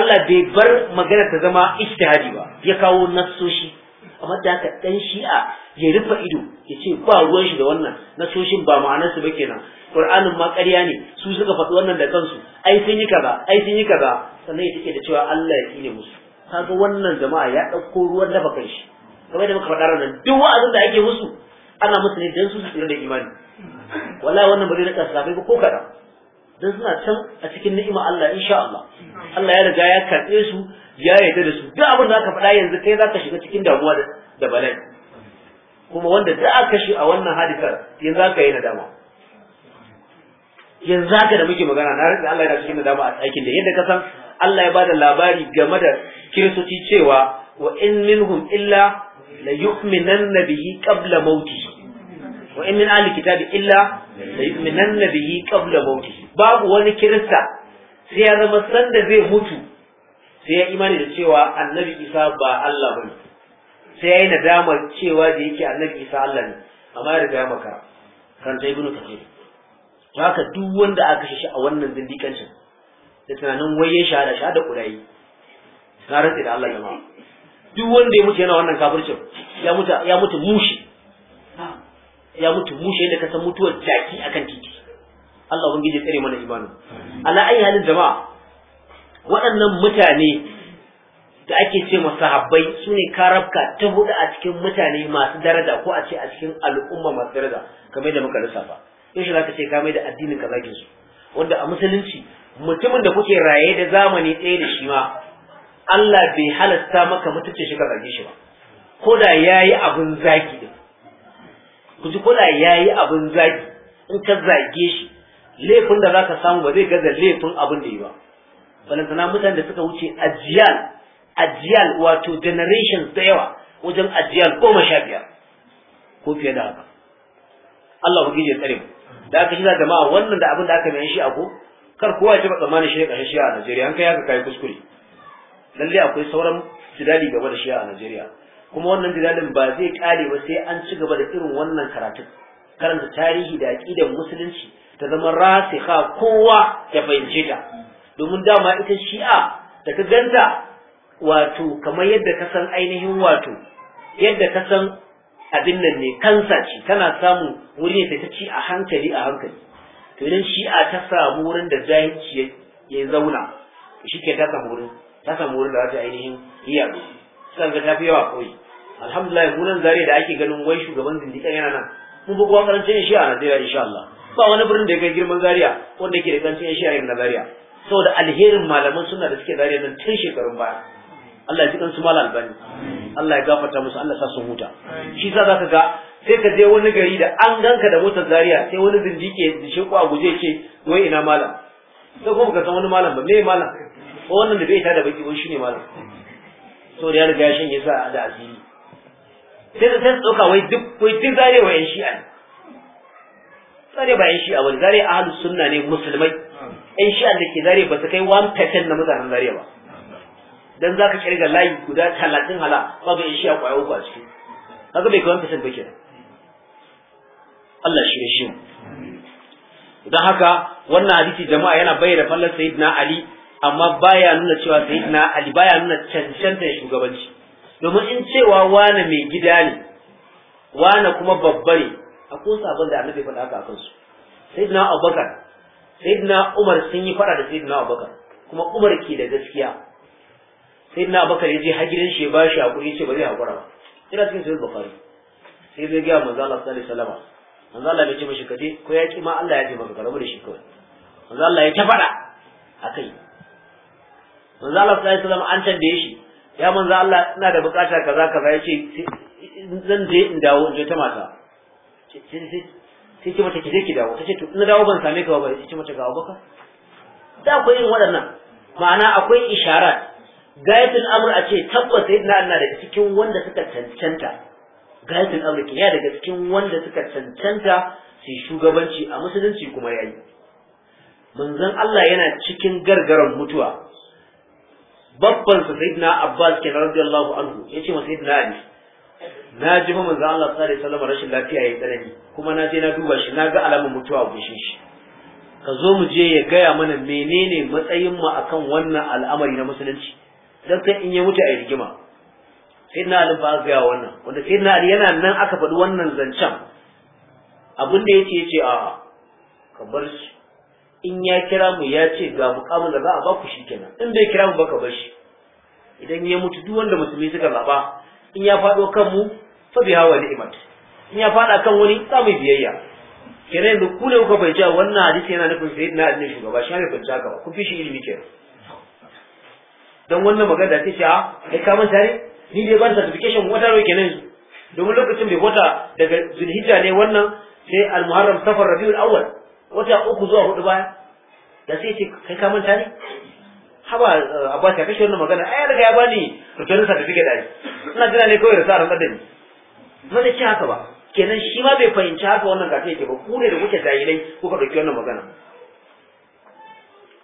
Allah bai bar magana ta zama ijtihadi ba ya kawo nasoshi amma da ka dan shi'a ya rufe ido ya ce ba ruwan shi da wannan nasoshin ba ma'anar su ba kenan Qur'anin ma ƙarya ne su suka faɗi wannan da kansu ai sun yi kaza ai sun yi kaza sannan ya take da cewa Allah ya kine musu kaga wannan jama'a ya ɗauko ruwan dafa kai shi kamar da muka faɗa ranar duk wa'azin da ake musu ana musu ne don su su tsira da imani wallahi wannan ba zai rika safai ba ko kaɗan don suna can a cikin ni'ima Allah insha Allah Allah ya riga ya karɓe su ya yarda da su duk abin da aka faɗa yanzu kai za ka shiga cikin damuwa da bala'i kuma wanda da aka shi a wannan hadisar yanzu ka yi nadama yanzu haka da muke magana na rantsa Allah yana cikin nadama a aikin da yadda ka san Allah ya ba da labari game da kiristoci cewa wa in minhum illa la yu'minanna bihi qabla mauti wa in min ahli kitabi illa la yu'minanna bihi qabla mauti babu wani kirista sai ya zama sanda zai mutu sai ya imani da cewa annabi Isa ba Allah bane sai ya yi nadamar cewa da yake annabi Isa Allah ne amma ya riga ya makara kan ta ibnu kathir haka duk wanda aka shi a wannan zindiƙancin da tunanin waye shahada shahada kudayi na rantsi da Allah jama'a duk wanda ya mutu yana wannan kafircin ya mutu ya mutu mushi ya mutu mushi da kasan mutuwar jaki akan titi Allah ubangiji tsare mana imanu ala ayi halin jama'a waɗannan mutane da ake ce sahabbai su ne karabka ta hudu a cikin mutane masu daraja ko a ce a cikin al'umma masu daraja kamar da muka lissafa yau shi zaka ce ka mai da addinin ka zakin su wanda a musulunci mutumin da kuke raye da zamani ɗaya da shi ma Allah bai halasta maka mutunci shi ka zarge shi ba ko da yayi abun zaki din ku ji ko da yayi abun zaki in ka zage shi laifin da zaka samu ba zai gaza laifin abin da yi ba balantana mutanen da suka wuce ajiyal ajiyal wato generations da yawa wajen ajiyal goma sha biyar ko fiye da haka Allah ku gije tsare mu da aka shi jama'a wannan da abin da aka mai shi a ko kar kowa ya taɓa tsammanin shi ne ƙarshen shi'a a Najeriya an kai haka kai kuskure Lallai akwai sauran jidali gaba da shi'a a Najeriya kuma wannan jidalin ba zai kare ba sai an ci gaba da irin wannan karatun karanta tarihi da aƙidar musulunci ta zama rasikha kowa ya fahimce ta domin dama ita shi'a da ka ganta wato kamar yadda ka san ainihin wato yadda ka san abin nan ne kansa ce kana samun wuri ne ta ci a hankali a hankali shi shi'a ta samu wurin da jahilci ya zauna shi ke ta samu wurin ta samu wurin da za ta ainihin iya ba suka ga ta fi yawa koyi alhamdulillah gunan zare da ake ganin wai shugaban zindikan yana nan mun bugu kowa karancin shi a Najeriya insha Allah ba wani birnin da ya kai girman Zaria wanda ke da karancin shi a irin na Zaria saboda alherin malaman suna da suke Zaria nan tun shekarun baya Allah ya ji su mal albani Allah ya gafarta musu Allah ya sa su huta shi sa ka ga sai ka je wani gari da an ganka da motar zaria sai wani zindike da shi ko a guje ce wai ina malam sai kuma ka san wani malam ba me malam ko wannan da bai ta da baki wani shine malam so da ya riga ya yasa da asiri sai da sai tsoka wai duk wai duk zaria wa yan shi'a zaria ba yan shi'a bane zaria ahlus sunna ne musulmai yan shi'a da ke zaria ba su kai 1% na mutanen zaria ba dan zaka kirga layi guda 30 hala babu yan shi'a kwayo ba a ciki kaga bai kai 1% ba kenan Allah shi shi don haka wannan hadisi jama'a yana bayyana fallar sayyidina ali amma baya nuna cewa sayyidina ali baya nuna cancanta shugabanci domin in cewa wane mai gida ne wane kuma babba ne akwai sabon da annabi faɗa haka akan su sayyidina abubakar sayyidina umar sun yi faɗa da sayyidina abubakar kuma umar ke da gaskiya sayyidina abubakar ya je har shi ya bashi hakuri ya ce ba zai hakura ba ina cikin sahih bukhari sai zai ga manzo Allah sallallahu alaihi wasallam manzo Allah bai ce mishi kaje ko ya ki ma Allah ya ce maka karamu da shi kawai manzo Allah ya ta faɗa akai manzo Allah sallallahu alaihi wasallam an tambaye shi ya manzo Allah ina da bukata kaza kaza yace zan je in dawo in je ta mata sai ce mata ki je ki dawo tace to ina dawo ban same ka ba sai ce mata ga ka da akwai irin waɗannan ma'ana akwai isharar gayatul amr a ce tabbas yadda Allah da cikin wanda suka cancanta gayatul amri ya daga cikin wanda suka cancanta su shugabanci a musulunci kuma ya yi manzon Allah yana cikin gargaran mutuwa babban sa sayyidina Abbas da radiyallahu anhu yace ce sayyidina Ali na ji fa manzon Allah sallallahu alaihi wasallam rashin lafiya ya tsanani kuma na je na duba shi na ga alamun mutuwa a gushin shi ka zo mu je ya gaya mana menene matsayin mu akan wannan al'amari na musulunci dan sai in ya mutu a rigima sai na alin ba gaya wannan wanda sai na yana nan aka faɗi wannan zancen abin da yake yace a ka bar shi in ya kira mu ya ce ga mukamin da za a baku shi kenan in bai kira mu baka bar shi idan ya mutu duk wanda musulmi suka zaba in ya faɗo kan mu fa bi hawa ni'mat in ya faɗa kan wani za mu biyayya kenan da ku ne kuka fahimci wannan hadisi yana nufin sayyidina ali shugaba shi ne fahimci haka ba ku fi shi ilimi kenan don wannan magana da ta cewa a kai ka manta ne ni dai ban certification wata rawai kenan yanzu domin lokacin bai wata daga zulhijja ne wannan sai almuharram safar rabiul awwal wata uku zuwa hudu baya da sai ce kai ka manta ne haba eh, abbas ya kashe wannan magana ai daga ya bani return certificate dai ina jira ne kawai da sa ran kadani ba zai ci haka ba kenan shi ma bai fahimci haka wannan gafe yake ba ku ne da kuke jahilai kuka dauki wannan magana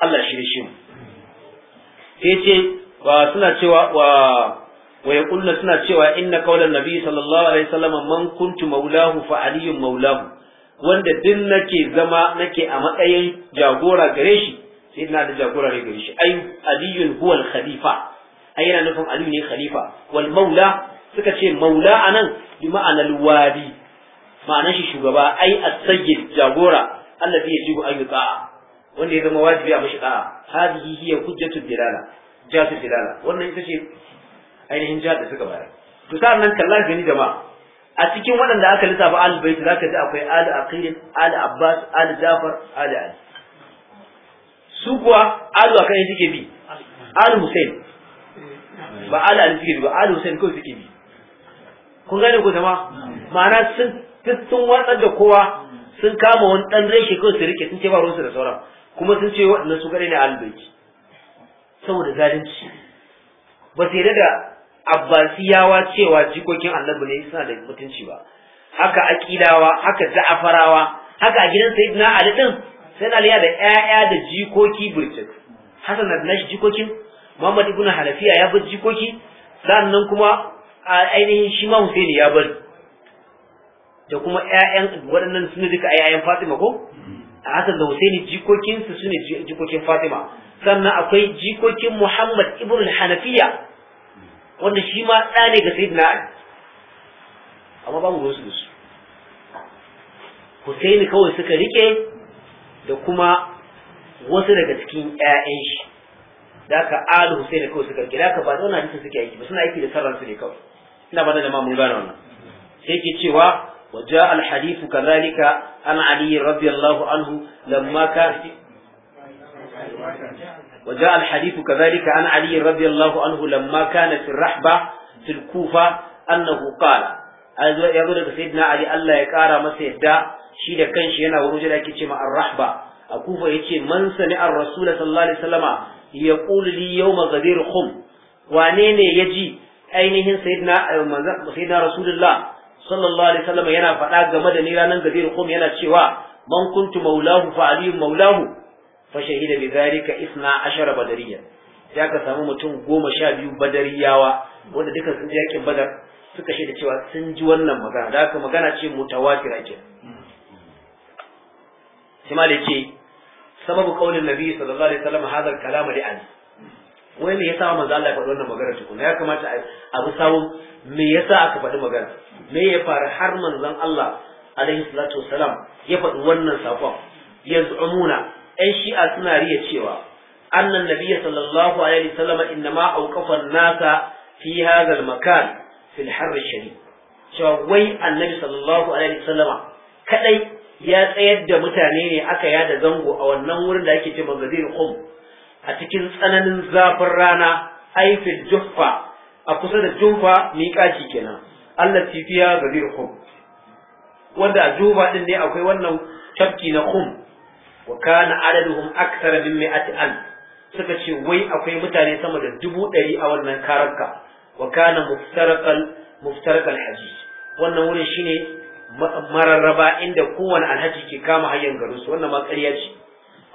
Allah shi ne shi mu sai ce ba suna cewa wa wa yaqulna suna cewa inna qawlan nabi sallallahu alaihi wasallam man kuntu maulahu fa aliyyun maulahu wanda din nake zama nake a matsayin jagora gare shi sai ina da jagora gare shi ai nufin aliyu ne khalifa wal maula suka ce maula anan bi ma'anar wadi ma'anar shi shugaba ai as-sayyid jagora allazi a an yuta'a wanda ya zama wajibi a mashi da'a hadihi hiya wannan ita ce ainihin jihar da suka bayar to sa'an nan kallon gani jama'a a cikin waɗanda aka lissafa al bayt zaka ji akwai al aqil al abbas al jafar al ali su kuwa al wa kai suke bi al husain ba al ali suke bi ba al husain kawai suke bi kun gane ko jama'a ma'ana sun tuttun watsar da kowa sun kama wani dan reshe kawai su rike sun ce ba ruwansu da sauran kuma sun ce waɗannan su gare ne al bayt saboda zalunci ba su yarda da abbasiyawa cewa jikokin annabi ne suna da mutunci ba haka aqidawa haka ja'farawa haka a gidan sayyidina ali din sai ali da ƴaƴa da jikoki burjik hasan da nashi jikokin muhammad ibnu halafiya ya bar jikoki sannan kuma ainihin shi ma husaini ya bar da kuma ƴaƴan waɗannan suna duka ƴaƴan fatima ko a hasan da husaini jikokinsu su ne jikokin fatima sannan akwai jikokin muhammad ibnu hanafiya wanda shi ma ɗa ne ga sayyidina ali amma babu ruwansu da su Husaini kawai suka rike da kuma wasu daga cikin ƴaƴan shi da ka Ali Husaini kawai suka rike da ka ba da wannan hadisin suke aiki ba suna aiki da sarran su ne kawai ina ba da jama'a mun gane wannan sai yake cewa wa ja al hadithu kadhalika an Ali radiyallahu anhu lamma وجاء الحديث كذلك عن علي رضي الله عنه لما كان في الرحبة في الكوفة أنه قال يقول سيدنا علي الله يكارى ما سيدا شيدا كان شينا ورجل كتما الرحبة أكوفة يتي من سمع الرسول صلى الله عليه وسلم يقول لي يوم غدير خم وانين يجي ainihin sayyidina rasulullah sallallahu alaihi wasallam yana faɗa game da ni ranar gazir qum yana cewa man kuntu maulahu fa aliyun maulahu fa shahida bi zalika isna ashara badariya sai aka samu mutum goma sha biyu badariyawa wanda duka sun ji yakin badar suka shaida cewa sun ji wannan magana da haka magana ce mutawatira ke sai ma ce sababu kaulin nabi sallallahu alaihi wasallam hadal kalama da ali wai me yasa manzo Allah ya faɗi wannan magana tukuna ya kamata a bi sawun me yasa aka faɗi magana me ya faru har manzon Allah alaihi salatu wasalam ya faɗi wannan sakon yanzu yaz'umuna 'yan shi'a suna riya cewa annan Nabiya sallallahu alaihi wasallam innama auqafa nasa fi hadha makan fil cewa wai annabi sallallahu alaihi kadai ya tsayar da mutane ne aka yada zango a wannan wurin da ake ce magazin qum a cikin tsananin zafin rana aifil juffa a kusa da jumfa miƙaci kenan Allah fiya gazir qum wanda a juba din ne akwai wannan tafki na qum wa kana adaduhum akthar min mi'ati al suka ce wai akwai mutane sama da dubu ɗari a wannan karanka wa kana muftaraqal wannan wurin shine mararraba inda kowane alhaji ke kama hanyar garin su wannan ma ƙarya ce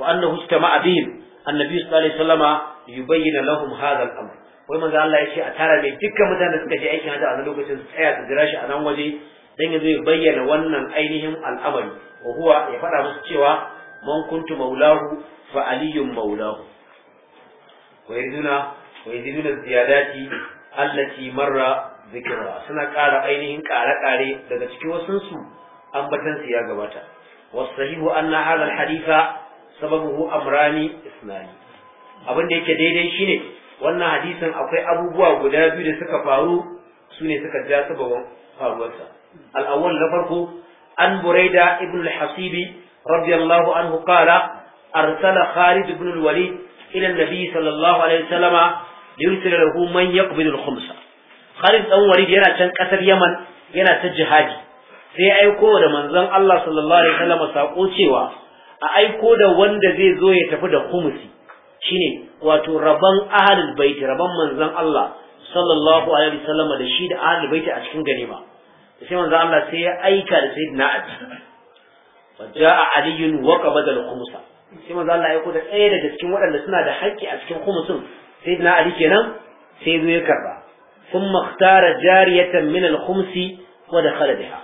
wa annahu istama'a bihim annabi sallallahu alaihi wasallama yubayyana lahum hadha al-amr wai manzo Allah ya ce a tara mai dukkan mutanen da suka je aikin hajji a lokacin su tsaya su jira shi a nan waje dan ya zo ya bayyana wannan ainihin al'amari wa huwa ya faɗa musu cewa man kuntu maulahu fa aliyun maulahu wa yaziduna wa yaziduna ziyadati allati suna ƙara ainihin ƙare-ƙare daga cikin wasunsu ambatan su ya gabata wasahihu anna hadha alhaditha sababuhu amrani isnani abin da yake daidai shine wannan hadisin akwai abubuwa guda biyu da suka faru sune suka ja sababin faruwarsa al-awwal na farko an buraida ibn al-hasibi رضي الله عنه قال أرسل خالد بن الوليد إلى النبي صلى الله عليه وسلم ليرسل له من يقبل الخمسة Khalid dan Walid yana can kasar Yaman yana ta jihadi sai aiko da manzon Allah sallallahu alaihi wasallam sako cewa a aiko da wanda zai zo ya tafi da khumusi shine wato rabban ahlul baiti rabban manzon Allah sallallahu alaihi wasallam da shi da ahlul bait a cikin ganima sai manzon Allah sai ya aika da sayyidina Ali faja'a aliyun wa qabada al-khumsa sai manzo Allah ya koda ɗaya daga cikin waɗanda suna da haƙƙi a cikin sai na ali kenan sai zo ya karba thumma ikhtara jariyatan min al-khumsi wa dakhala biha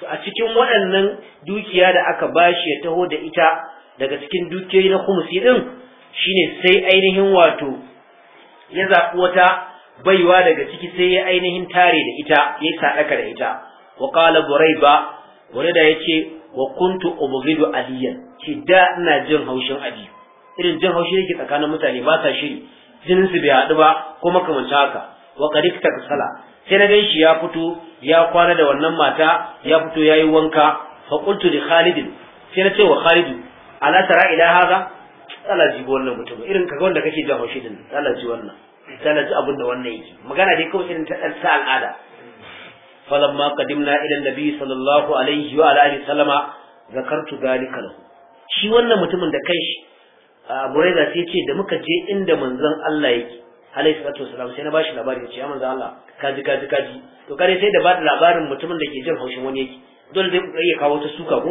to a cikin waɗannan dukiya da aka bashi ya taho da ita daga cikin dukiyoyi na ɗin, din shine sai ainihin wato ya zaɓi wata baiwa daga ciki sai ya ainihin tare da ita ya sadaka da ita wa qala buraiba ya ce. wa kuntu ubghidu aliyan kida da ina jin haushin abi irin jin haushi yake tsakanin mutane ba sa shiri jinin su bai haɗu ba ko makamanta haka wa qarikta sala sai na shi ya fito ya kwana da wannan mata ya fito yayi wanka fa qultu li khalid sai na ce wa khalid ala tara ila hada Allah ji wannan mutum irin kaga wanda kake jin haushi din Allah ji wannan na ji abin da wannan yake magana dai kawai irin ta sa al'ada فلما قدمنا الى النبي صلى الله عليه وعلى اله وسلم ذكرت ذلك له shi wannan mutumin da kai shi Buraida sai ce da muka je inda manzon Allah yake alayhi salatu wasalam sai na bashi labari ya ce ya manzon Allah kaji kaji kaji to kare sai da bada labarin mutumin da ke jin haushin wani yake dole zai iya kawo ta suka ko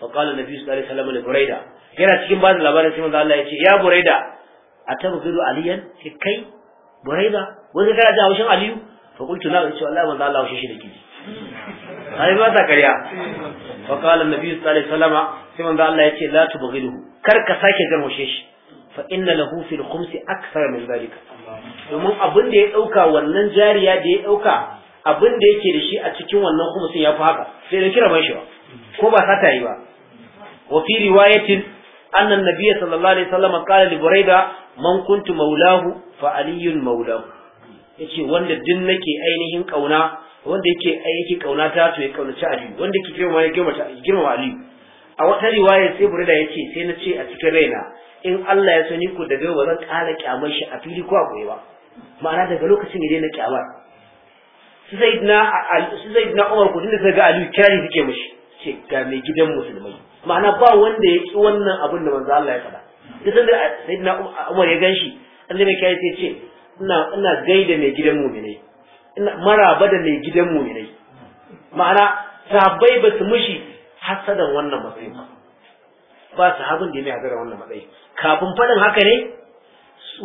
fa qala nabi sallallahu alaihi wasallam li Buraida yana cikin bada labarin sai manzon Allah ya ce ya Buraida atabghiru aliyan kai Buraida wani kana jin haushin Aliyu fa qultu na ce wallahi manzo Allah shi da kiji ai ba ta kariya fa qala annabi sallallahu alaihi wasallam sai manzo Allah yace la tubghiluhu kar ka sake garwashe shi fa inna lahu fil khums akthar min zalika domin abin da ya dauka wannan jariya da ya dauka abin da yake da shi a cikin wannan khumsin yafi haka sai da kira ban shi ba ko ba sata yi ba wa fi riwayatin anna an sallallahu alaihi wasallam qala li burayda man kuntu maulahu fa Aliyun maulahu yace wanda din nake ainihin kauna wanda yake aiki kauna ta to ya kaunaci Aliyu wanda yake girma ya girma Aliyu a wata riwaya sai Burda yace sai na ce a cikin raina in Allah ya sani ku daga ba zan ƙara kyamar shi a fili ko a goye ba ma'ana daga lokacin ne na kyamar su na Umar ku da sai ga Aliyu kirari suke mishi ce ga mai gidan musulmai ma'ana ba wanda ya ci wannan abin da manzo Allah ya faɗa da sai na Umar ya ganshi Allah mai kai sai ce ina ina gaida mai gidan mu'minai ina maraba da mai gidan mu'minai ma'ana sabai ba su mushi hasadan wannan matsayin ba ba sahabin da ya mai wannan matsayin. kafin faɗin haka ne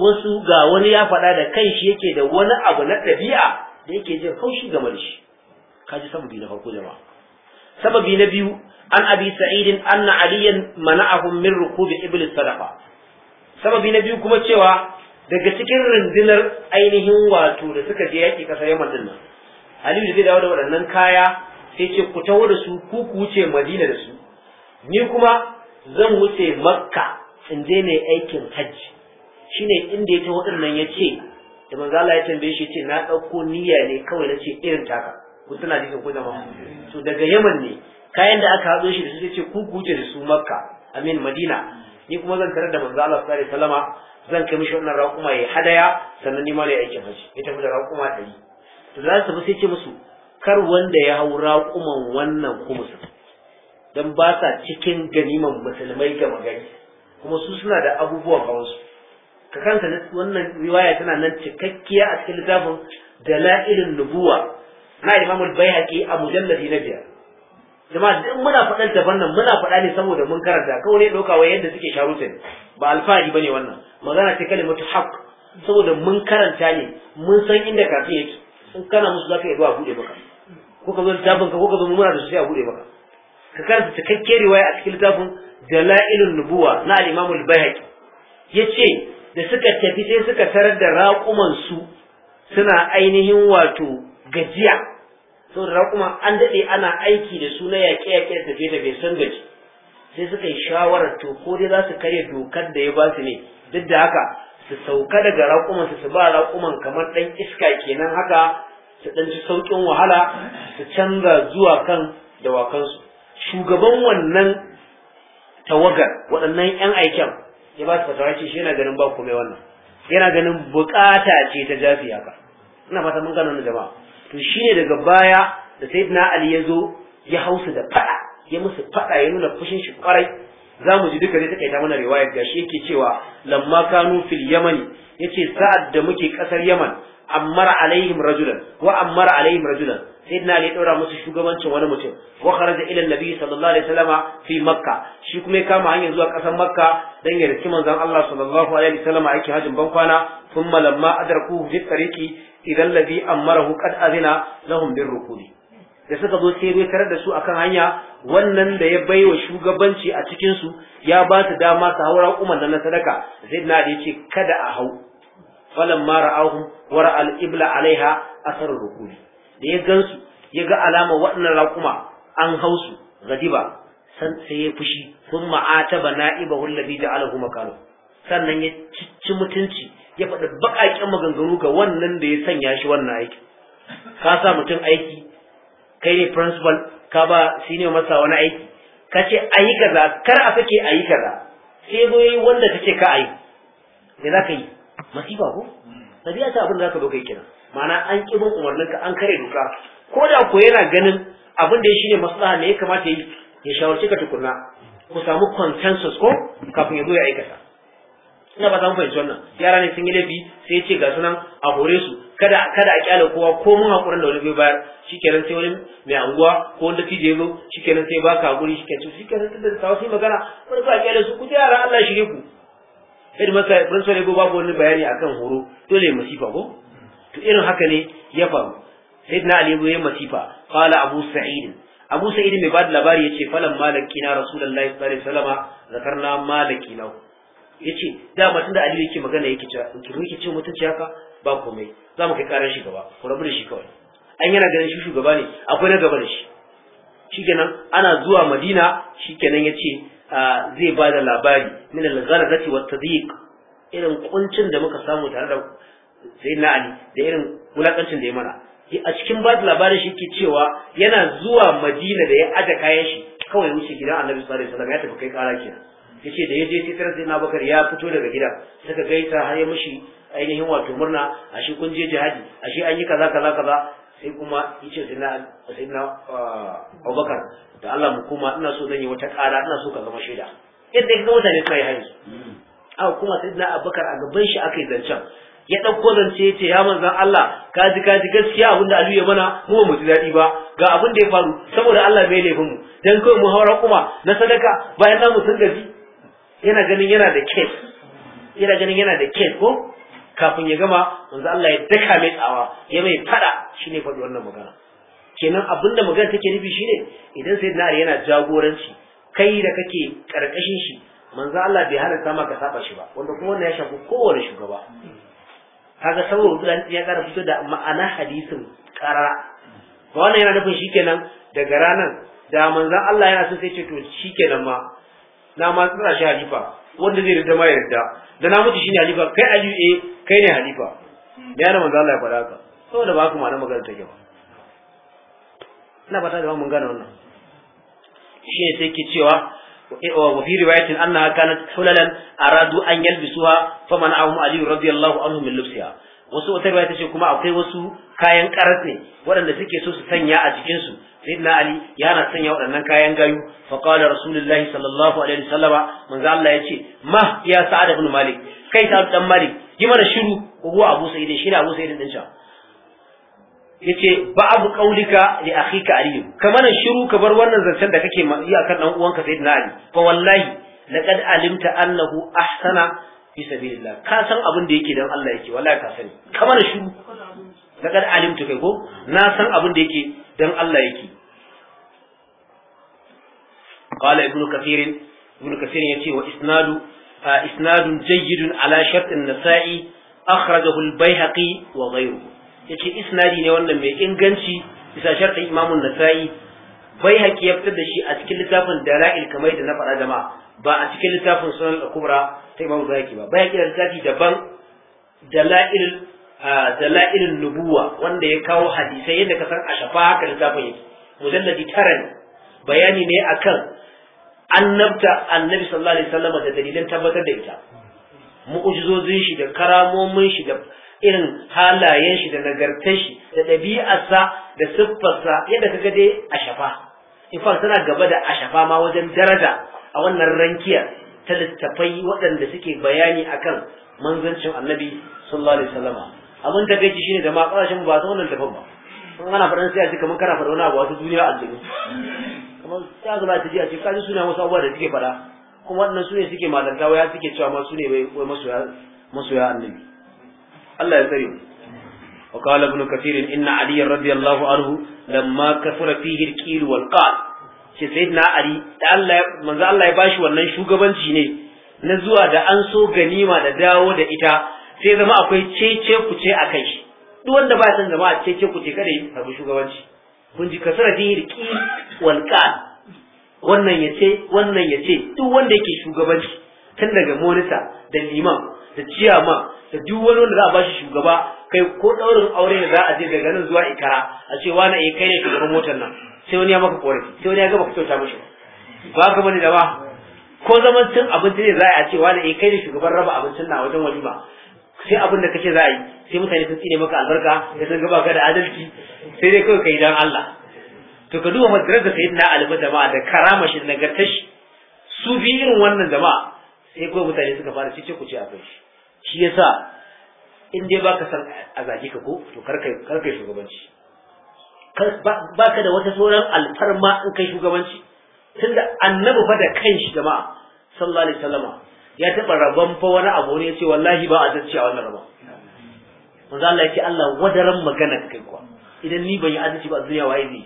wasu ga wani ya faɗa da kanshi yake da wani abu na ɗabi'a da yake jin haushi game da kaji sababi na farko jama'a sababi na biyu an abi sa'idin anna aliyan mana'ahum min rukubi iblis sadaqa sababi na biyu kuma cewa daga cikin rundunar ainihin wato da suka je yaƙi ƙasar yaman din nan aliyu zai dawo da waɗannan kaya sai ce ku tawo da su ku ku wuce madina da su ni kuma zan wuce makka in je ne aikin hajji shine inda ya taho din nan ya ce da manzo Allah ya tambaye shi ce na ɗauko niyya ne kawai na ce irin taka ku tana jikin ku zama to daga yamma ne kayan da aka hazo shi da su sai ce ku ku wuce da su makka amin madina ni kuma zan tarar da manzo Allah sallallahu alaihi wasallama zan kai mishi wannan raƙuma ya hadaya sannan ni ma ne aikin haji ya tafi da raƙuma ɗari to za su sai ce musu kar wanda ya hau raƙuman wannan kumusin don ba sa cikin ganiman musulmai ga gari kuma su suna da abubuwan hawansu ka kanta wannan riwaya tana nan cikakkiya a cikin littafin dala'ilin nubuwa na imamul bayhaqi a mujalladi na biyar jama'a duk muna faɗar ta wannan muna faɗa ne saboda mun karanta kawai ne ɗauka wai yadda suke sharutin ne ba alfahari bane wannan magana ce mutu haq saboda mun karanta ne mun san inda kafin yake in kana musu zaka iya zuwa bude maka ko ka zo littafin ka ko ka zo muna da su sai a buɗe maka ka karanta cikakken riwaya a cikin littafin dalailun nubuwa na al-imam al-bayhaqi yace da suka tafi sai suka tarar da raƙumansu su suna ainihin wato gajiya to da kuma an daɗe ana aiki da yake-yake yaƙe-yaƙe da tafiye-tafiye sun sai suka yi shawarar to ko dai za su karya dokar da ya ba su ne duk da haka su sauka daga raƙuman su ba raƙuman kamar ɗan iska kenan haka su ɗan ci sauƙin wahala su canza zuwa kan dawakansu shugaban wannan tawagar waɗannan 'yan aiken ya ba su fatawa ce shi yana ganin ba komai wannan yana ganin buƙata ce ta jafi haka ina fata mun gano jama'a to shine daga baya da sayyidina ali ya zo ya hausa da fada ya musu fada ya nuna fushin shi kwarai za mu ji duka zai takaita mana riwayar gashi yake cewa lamma kanu fil yamani yace sa'ad da muke kasar yaman ammara alaihim rajulan wa ammara alaihim rajulan sayyidina ali daura musu shugabancin wani mutum wa kharaja ila annabi sallallahu alaihi wasallama fi makka shi kuma ya kama hanyar zuwa kasar makka dan ya riki manzon Allah sallallahu alaihi wasallama yake hajin ban kwana thumma lamma fi tariqi idan ladhi amarahu kad azina lahum bin rukuni da suka zo sai bai tarar da su akan hanya wannan da ya bai wa shugabanci a cikin su ya ba su dama su haura umar da na sadaka na da yace kada a hau ma ra'ahum wa ra'al ibla alaiha asar rukuni da ya gansu ya ga alama waɗannan raƙuma an hausu gadiba sai ya fushi sun ma'ataba na'ibahu da ja'alahu makano sannan ya cici mutunci ya faɗi baƙaƙen maganganu ga wannan da ya sanya shi wannan aiki ka sa mutum aiki kai ne principal ka ba senior masa wani aiki ka ce a yi kaza kar a sake a yi kaza sai zo yi wanda ka ce ka a yi me za ka yi masifa ko sabiya ta abin da za ka zo kai kina ma'ana an ƙi bin umarninka an kare doka ko da ko yana ganin abin da ya shine maslaha ne ya kamata yi ya shawarci ka tukunna ku samu consensus ko kafin ya zo ya aikata ina ba za mu fahimci wannan yara ne sun yi laifi sai ce ga sunan a hore su kada kada a kyale kowa ko mun hakurin da wani bai bayar shikenan sai wani mai anguwa ko wanda fije zo shikenan sai baka hakuri shikenan shikenan sai da tawa sai magana wani ba kyale su ku yara Allah shi ku sai masa principal yago babu wani bayani akan horo dole masifa ko to irin haka ne ya faru na ali yago ya masifa kala abu sa'id abu sa'id mai ba da labari yace falan malakina rasulullahi sallallahu alaihi wasallama zakarna malakina yace dama da Aliyu yake magana yake cewa in kike ce mutunci haka ba komai zamu kai karar shi gaba ku rabu da shi kawai an yana ganin shi shugaba ne akwai na gaba da shi shikenan ana zuwa Madina shikenan yace ah, zai ba da labari min al-ghalazati wa tadhiq irin kuncin da muka samu tare da sayyidina Ali da irin wulakancin da ya mana a cikin ba da labarin shi yake cewa yana zuwa Madina da ya aje kayan shi kawai wuce gidan Annabi sallallahu alaihi wasallam ya tafi kai kara kenan yace da yaje sai tare sai na bakar ya fito daga gida suka gaisa har ya mishi ainihin wato murna ashe kun je jihadi ashe an yi kaza kaza kaza sai kuma yace sai na sai na uh, Abubakar da Allah mu kuma ina so zan yi wata ƙara ina so ka zama shaida yadda ka mutane suka yi hari hmm. aka kuma sai na Abubakar a gaban shi akai zancan zancen ya ɗauko zance ya ce ya manzan Allah ka ji ka ji gaskiya abin da Aliyu ya mana mu mu ji daɗi ba ga abin da ya faru saboda Allah bai laifin mu dan kawai mu haura kuma na sadaka bayan namu sun gaji yana ganin yana da case yana ganin yana da case ko kafin ya gama wanzu Allah ya daka mai tsawa ya mai fada ne faɗi wannan magana kenan abinda magana take nufi shi ne, idan sai na yana jagoranci kai da kake karkashin shi manzo Allah bai halatta maka saba shi ba wanda kuma wannan ya shafi kowane shugaba kaga saboda wutan ya kara fito da ma'ana hadisin karara ba wannan yana nufin shikenan daga ranan da manzo Allah yana so sai ce to shikenan ma na ma tsara shi halifa wanda zai rinta ma yarda da na mutu shine halifa kai aliyu eh kai ne halifa da yana manzo Allah ya faɗa haka saboda ba ma na magana take ba ina fata da mun gane wannan shi ne sai ke cewa eh, wa fi riwayatin annaha kanat hulalan aradu an yalbisuha faman ahum ali radiyallahu anhu min lubsiha wasu wata riwaya tace kuma akwai wasu kayan karas ne waɗanda suke so su sanya a jikin su sayyidina ali yana sanya waɗannan kayan gayu fa qala rasulullahi sallallahu alaihi wasallama manzo Allah yace ma ya sa'ad ibn malik kai ta dan malik yi mana shiru ko huwa abu sa'id shi ne abu sa'id din can yace babu qaulika li akhika ali kamar shiru ka bar wannan zancen da kake yi akan dan uwanka sayyidina ali fa wallahi laqad alimta annahu ahsana fi sabilillah ka san abin da yake dan Allah yake wallahi ka sani kamar shiru kada alimtu kai ko na san abin da yake dan Allah yake qala ibn kathir ibn kathir yace wa isnadu isnadun jayyidun ala shart an-nasa'i akhrajahu al-baihaqi wa ghayruhu yace isnadi ne wannan mai inganci bisa shartin imamun nasa'i bai haƙi ya fitar da shi a cikin littafin dala'il kamar da na faɗa jama'a ba a cikin littafin sunan al-kubra ta imam zaki ba bayan kira littafi daban dala'il dala'il nubuwa wanda ya kawo hadisai yadda ka san a shafa haka littafin yake mujalladi tara ne bayani ne akan annabta annabi sallallahu alaihi wasallam da dalilan tabbatar da ita mu'ujizozin shi da karamomin shi da irin halayen shi da nagartar shi da ɗabi'arsa da siffarsa yadda kaga dai a shafa in tana gaba da a shafa ma wajen daraja a wannan rankiya ta littafai waɗanda suke bayani akan manzancin annabi sallallahu alaihi wasallama abin da gaji shine da ma ƙasashen ba su wannan tafan ba in ana faɗin sai a ce kamar kana faɗa wani abu wasu duniya a jini kamar sai a zama ta ji a ce kaji suna wasu abubuwa da suke faɗa kuma waɗannan su ne suke malanta waya suke cewa ma su ne wai masoya masoya annabi Allah ya tsare mu وقال ابن كثير إن علي رضي الله عنه لما كثر فيه الكيل والقال ce sai na ali manzo Allah ya bashi wannan shugabanci ne na zuwa da an so ganima da dawo da ita sai zama akwai cece kuce a kai shi duk wanda ba san zama a cece kuce kada ya karbi shugabanci kun ji kasara din riki wal wannan yace wannan yace duk wanda yake shugabanci tun daga monita da liman da ciyama da duk wani wanda za a bashi shugaba kai ko daurin aure da za a je daga nan zuwa ikara a ce wani eh kai ne shugaban motar nan sai wani ya maka korafi sai wani ya ga baka kyauta mishi ba ka bane da ba ko zaman cin abinci ne za a ce wani eh kai da shugaban raba abincin na wajen ba sai abin da kace za a yi sai mutane sun tsine maka albarka da sun gaba ka da adalci sai dai kawai kai dan Allah to ka duba madarar da sayyidina Ali ba jama'a da karama shi nagartar shi su bi irin wannan jama'a sai kawai mutane suka fara cice ku ce a kai shi yasa in dai baka san a zage ka ko to kar kai kar kai shugabanci ba ka da wata sauran alfarma in kai shugabanci tunda annabi fa da kanshi jama'a sallallahu alaihi wasallama ya taba rabon fa wani abu ne yace wallahi ba a a wannan rabon manzo Allah yake Allah wadaran magana kai kuwa idan ni ban yi adalci ba duniya waye ne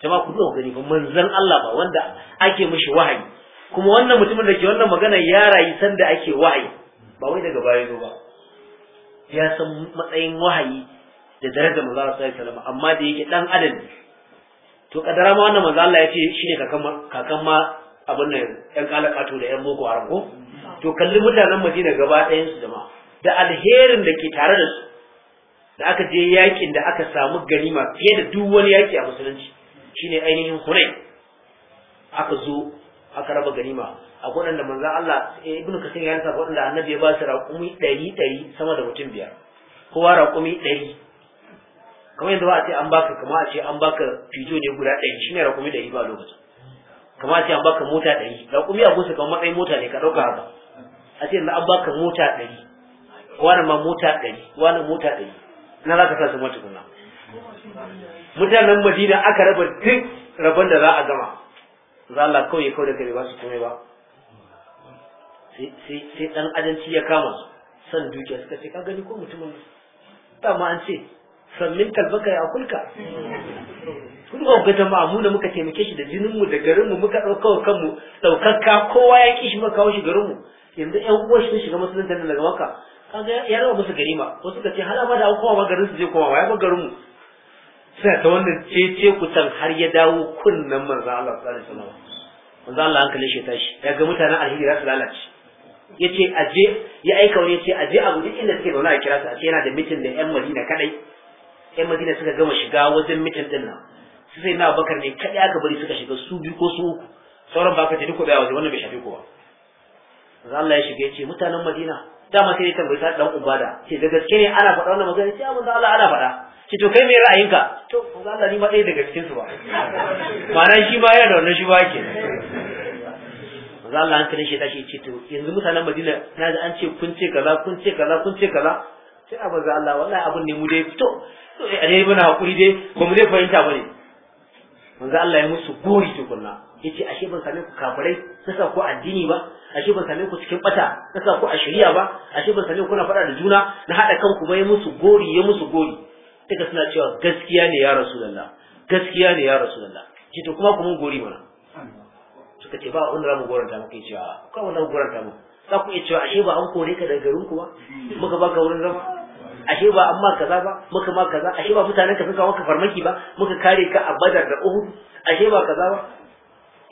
jama'a ku duka gani ba manzon Allah ba wanda ake mishi wahayi kuma wannan mutumin da ke wannan magana ya rayu sanda ake wahayi ba wai daga baya zo ba ya san matsayin wahayi da darajar manzo Allah sallallahu alaihi wasallam amma da yake dan adam to kadara ma wannan manzo Allah ya ce shine kakan kakan ma abin nan ɗan kalakato da yan boko haram ko to kalli mutanen Madina gaba ɗayan su jama'a da alherin da ke tare da su da aka je yakin da aka samu ganima fiye da duk wani yaki a musulunci shine ainihin Hunain aka zo aka raba ganima a waɗanda manzo Allah eh, ibnu kasir ya yanka waɗanda annabi ya ba su raƙumi ɗari ɗari sama da mutum biyar kowa raƙumi ɗari kamar yadda ba a ce an baka kamar a ce an baka fito ne guda ɗari shi ne rakumi ɗari ba lokacin? kamar a ce an baka mota ɗari rakumi a gusa kamar matsayin mota ne ka ɗauka haka a ce yanzu an baka mota ɗari wani ma mota ɗari wani mota ɗari na za ka sa su mata kuna mutanen madina aka raba duk rabon da za a gama za Allah kawai kawai da kai ba su komai ba sai ɗan adanci ya kama su san dukiya suka ce ka gani ko mutumin ma an ce sallin kalbaka ya kulka kun ga ga jama'a mu da muka taimake shi da jinin mu da garin mu muka dauka wa kanmu daukakka kowa ya kishi muka kawo shi garin mu yanzu ɗan uwan shi shiga musulunta da daga maka kaga ya raba musu garima wasu ka ce hala ma da kowa ma garin su je kowa ma ya ba garin mu suna ta wannan cece kutan har ya dawo kunnan manzo Allah sallallahu alaihi wasallam manzo Allah hankalin shi tashi ya ga mutanen alheri za su lalace yace aje ya aika wani yace aje abu duk inda suke zauna a kira su a ce yana da mitin da ƴan Madina kadai ƴan madina suka gama shiga wajen mitin din nan su sai na bakar ne kaɗai aka bari suka shiga su biyu ko su uku sauran ba ka ce duk bai waje wannan bai shafi kowa za Allah ya shiga ya ce mutanen madina dama sai ya tambayi sa dan ubada ce da gaske ne ana faɗa wannan magana ce amma ah, Allah ana faɗa ce to kai me ra'ayinka to manzo Allah ni ma ɗaya daga cikin su ba ma'ana shi ba yana da wannan shi ba ke manzo Allah an kira shi shi ce to yanzu mutanen Madina na ji an ce kun ce kaza kun ce kaza kun ce kaza sai a ah, manzo Allah wallahi abun ne mu dai to a ne muna hakuri dai ba mu zai fahimta ba ne manzo Allah ya musu gori tukunna yace ashe ban same ku kafirai sa ku addini ba ashe ban same ku cikin bata sasa ku a shari'a ba ashe ban same ku kuna faɗa da juna na haɗa kanku ba ya musu gori ya musu gori duka suna cewa gaskiya ne ya rasulullah gaskiya ne ya rasulullah ce to kuma ku mun gori mana suka ce ba abin da za mu goranta muku cewa kawai na goranta muku za ku iya cewa ashe ba an kore ka daga garin ku ba muka baka wurin zama ashe ba amma kaza ba muka ma kaza ashe ba mutanen ka suka maka farmaki ba muka kare ka a badar da uhu? ashe ba kaza ba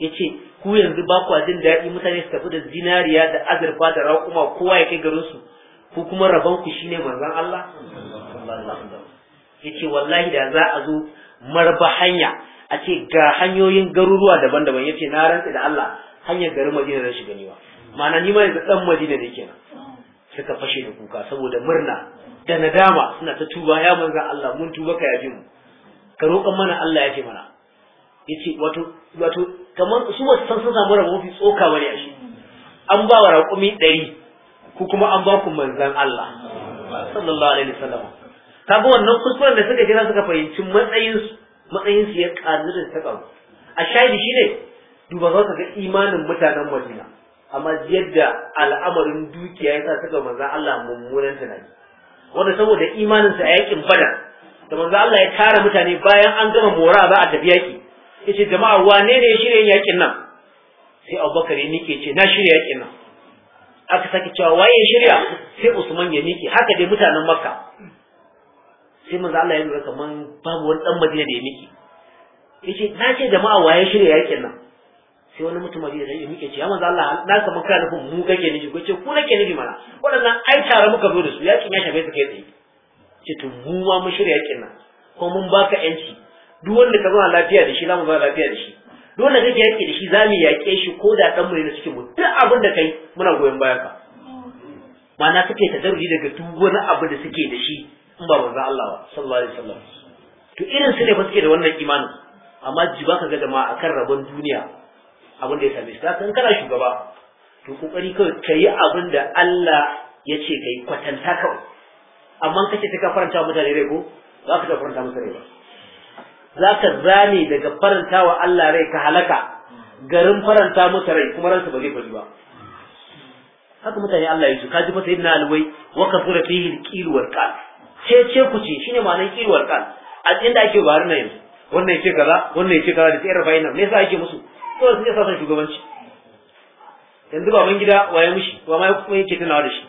yace ku yanzu ba ku jin daɗi mutane su tafi da zinariya da azurfa da raƙuma kowa ya kai garin su ku kuma rabon ku shine manzon Allah yace wallahi da za a zo marba hanya a ce ga hanyoyin garuruwa daban-daban yace na rantsi da Allah hanyar garin Madina da shi ganewa ma'ana ni ma yanzu dan Madina da kenan suka fashe da kuka saboda murna da nadama suna ta tuba ya manzan Allah mun tuba ka yafi mu ka roƙon mana Allah ya ce mana yace wato wato kamar su ba san sun samu rabo fi tsoka bane shi an ba wa raƙumi ɗari ku kuma an ba ku manzan Allah sallallahu alaihi wasallam ga wannan kuskuren da suka jira suka fahimci matsayin matsayin su ya ƙaru da ta ƙaru a shaidi shine duba za ka ga imanin mutanen Madina amma yadda al'amarin dukiya yasa ga manzan Allah mummunan tunani wanda saboda imaninsa a yakin bada da manzan Allah ya tara mutane bayan an gama mora za a tafi yaki yace jama'a wane ne ya shirya yakin nan sai Abubakar ya nike ce na shirya yakin nan aka sake cewa waye shirya sai Usman ya nike haka dai mutanen Makka sai manzo Allah ya lura kaman babu wani dan Madina da ya mike yace na ce jama'a waye shirya yakin nan sai wani mutum da zai muke ce ya manzo Allah na samu kai nufin mu kake nufi ko ce ku nake nufi mana waɗannan ai tare muka zo da su yakin ya shafe su kai tsaye ce to mu ma mun shirya yakin nan ko mun baka yanci duk wanda ka zauna lafiya da shi za mu zauna lafiya da shi duk wanda kake yaƙi da shi za mu yaƙe shi ko da ɗan mu ne na cikin mu duk abin da kai muna goyon bayan ka ma'ana suke tadarruji daga duk wani abu da suke da shi in ba manzo Allah ba sallallahu alaihi wasallam to irin su ne ba suke da wannan imanin amma ji ba ka ga jama'a akan rabon duniya abin da ya same shi san kana shugaba to kokari kawai ka yi abin da Allah ya ce ka yi kwatanta kawai amma ka ce ka faranta wa mutane rai ko za ka faranta musu rai ba za ka zane daga faranta wa Allah rai ka halaka garin faranta musu rai kuma ransa ba zai faɗi ba haka mutane Allah ya Ka ji masa yadda alwai wa ka fura fihi alqil wal qal ce ce ku ce shine ma'anar qil wal qal a inda ake bari na yanzu wannan yake kaza wannan yake kaza da tsayar bayanan me yasa ake musu to sun yasa son shugabanci yanzu baban gida waye mushi wa ma kuma yake tunawa da shi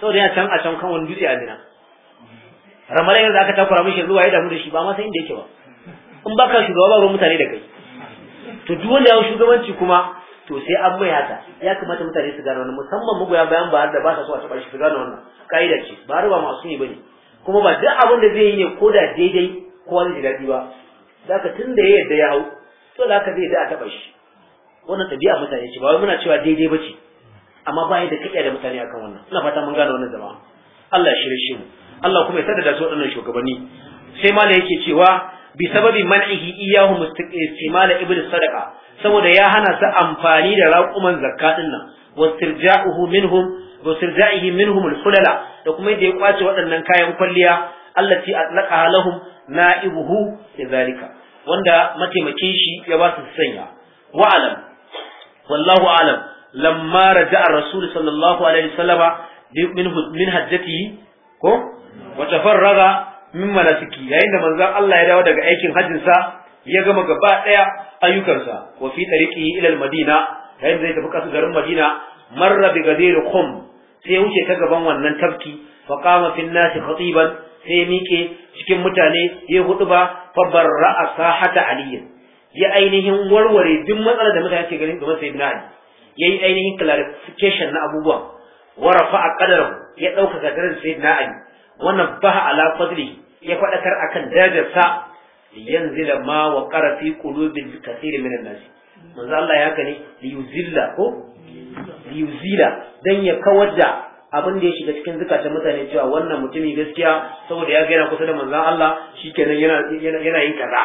saboda yana can a can kan wani dutse a zina ramadan yanzu aka takura mushi yanzu waye damu da shi ba ma san inda yake ba in baka shugaba ba ruwan mutane da kai to duk wanda ya shugabanci kuma to sai an mai haka ya kamata mutane su gane wannan musamman ya bayan ba da ba sa so a taɓa shi su gane wannan ka'ida ce ba ruwa masu ne bane kuma ba duk abin da zai yi ne ko da daidai kowa zai ji daɗi ba zaka tun da ya yarda ya hau to da haka zai da a taɓa shi wannan ɗabi'a mutane ce ba wai muna cewa daidai ba ce amma ba da kake da mutane akan wannan ina fata mun gane wannan zama Allah ya shirye shi mu Allah kuma ya sadada su waɗannan shugabanni sai mala yake cewa bi sababi man'ihi iyahu mustimala ibnu sadaqa saboda ya hana su amfani da raƙuman zakka din nan wastirja'uhu minhum wastirja'ihi minhum al-hulala da kuma yadda ya kwace waɗannan kayan kwalliya allati atlaqaha lahum na'ibuhu lidhalika wanda mataimakin shi ya ba su sanya Wa'alam, alam wallahu alam lamma raja'a rasul sallallahu alaihi wasallama min min ko wa tafarraga min malasiki yayin da manzon Allah ya dawo daga aikin hajjin sa ya gama gaba daya ayyukansa wa fi tariqihi ila al-madina yayin da ya tafi kasu garin madina marra bi gadir sai ya wuce ta gaban wannan tafki fa qama fi an-nas khatiban sai mike cikin mutane ya hudu ba fa ra'asa hata aliyin ya ainihin warware duk matsalar da mutane ke ganin game sayyidina ali yi ainihin clarification na abubuwa warafa a kadar ya dauka sai sayyidina ali wannan baha ala fadli ya fadakar akan darajarsa yanzila ma wa qara fi qulubil kathir min an-nas manzo Allah ya kani li yuzilla ko li yuzila dan ya kawar da abin da ya shiga cikin zukatan mutane cewa wannan mutumi gaskiya saboda ya gaina kusa da manzon Allah shikenan yana yana yin kaza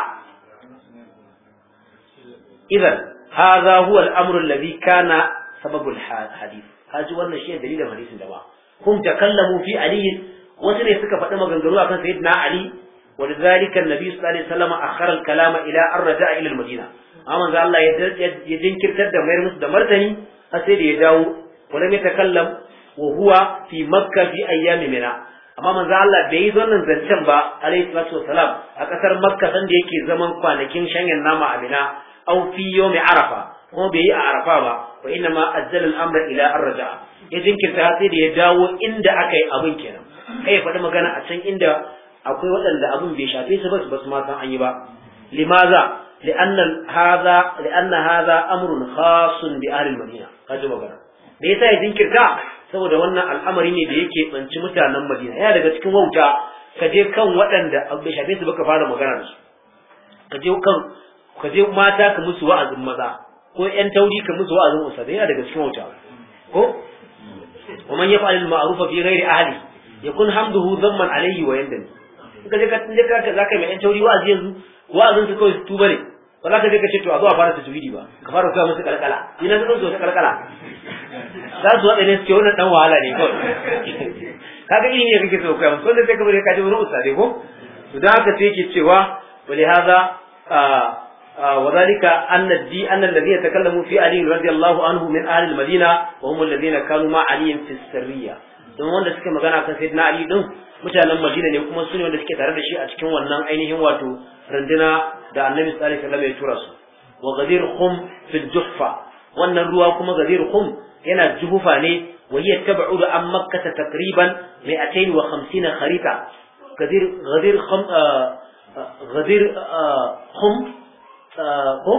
idan hadha huwa al labi kana sababul hadith kaji wannan shi dalilin hadisin da ba hum takallamu fi ali wasu ne suka faɗi maganganu akan na ali ولذلك النبي صلى الله عليه وسلم أخر الكلام إلى أن رجع إلى المدينة أما ذا الله يجنكر تد مير مسد مرتني أسير يداو ta يتكلم wa fi makka fi ayyami mina amma manzo Allah bai yi wannan zancen ba alaihi salatu wassalam a kasar makka san da yake zaman kwanakin shanyar nama a mina aw fi yawmi arafa kuma bai yi a arafa ba wa inna ma ajjala al-amra ila arja ya jinkirta sai da ya dawo inda aka yi abin kenan kai ya faɗi magana a can inda akwai waɗanda abin bai shafe su ba su ma san an yi ba limaza لأن هذا لأن هذا أمر خاص بأهل المدينة Magana. Me yasa ya jinkirta? saboda wannan al'amari ne da yake banci mutanen Madina yana daga cikin wauta ka je kan waɗanda bai shafe su baka fara magana da su ka je kan ka je mata ka musu wa'azin maza ko 'yan tauri ka musu wa'azin usa yana daga cikin wauta ko wa man yaf'al al-ma'ruf fi ghairi ahli yakun hamduhu dhamman alayhi wa yandami ka je ka tunda ka zaka mai ƴan tauri wa'azi yanzu wa'azin su kawai su tubare. ba za ka je ka ce to a zo a fara tajwidi ba ka fara koya musu kalkala ina zan zo ta kalkala za su waɗa ne suke wannan dan wahala ne kawai kaga ilimi ne kake so koya musu wanda sai ka bari ka je wurin ustade ko to dan haka sai yake cewa wali hada وذلك أن الدي أن الذين تكلموا fi علي رضي anhu min من أهل المدينة وهم الذين كانوا مع علي في mutanen Madina ne kuma su ne wanda suke tare da shi a cikin wannan ainihin wato runduna da Annabi sallallahu alaihi wasallam ya tura su wa gadir khum fi juhfa wannan ruwa kuma gadir khum yana juhufa ne wa hiya tab'udu an makkah takriban 250 kharita gadir gadir khum uh, uh, gadir uh, khum ko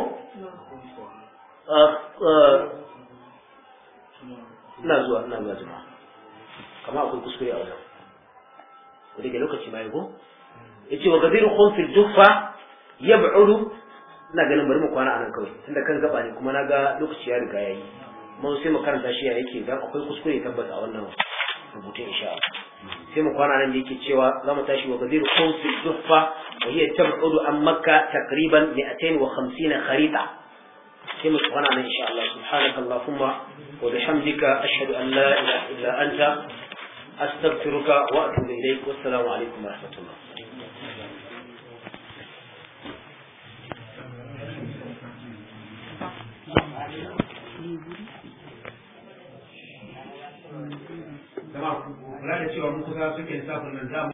na zuwa na zuwa akwai kuskure a wajen da ke lokaci ma yago ce wa gaziru khumsul juffa yab'udu ina ganin bari mu kwana anan kawai tunda kan gaba ne kuma na ga lokaci ya riga yayi mun sai mu karanta shi ya yake dan akwai kuskure tabbata wannan rubutun insha Allah sai mu kwana nan da yake cewa za mu tashi wa gaziru khumsul dukfa wa hiya tab'udu an makka takriban 250 kharita كما سبحانه إن شاء الله سبحانك اللهم وبحمدك أشهد أن لا إله إلا أنت astaghfiruka wa atubu ilaik wassalamu alaikum warahmatullah Jama'a ku da cewa mun suke lissafin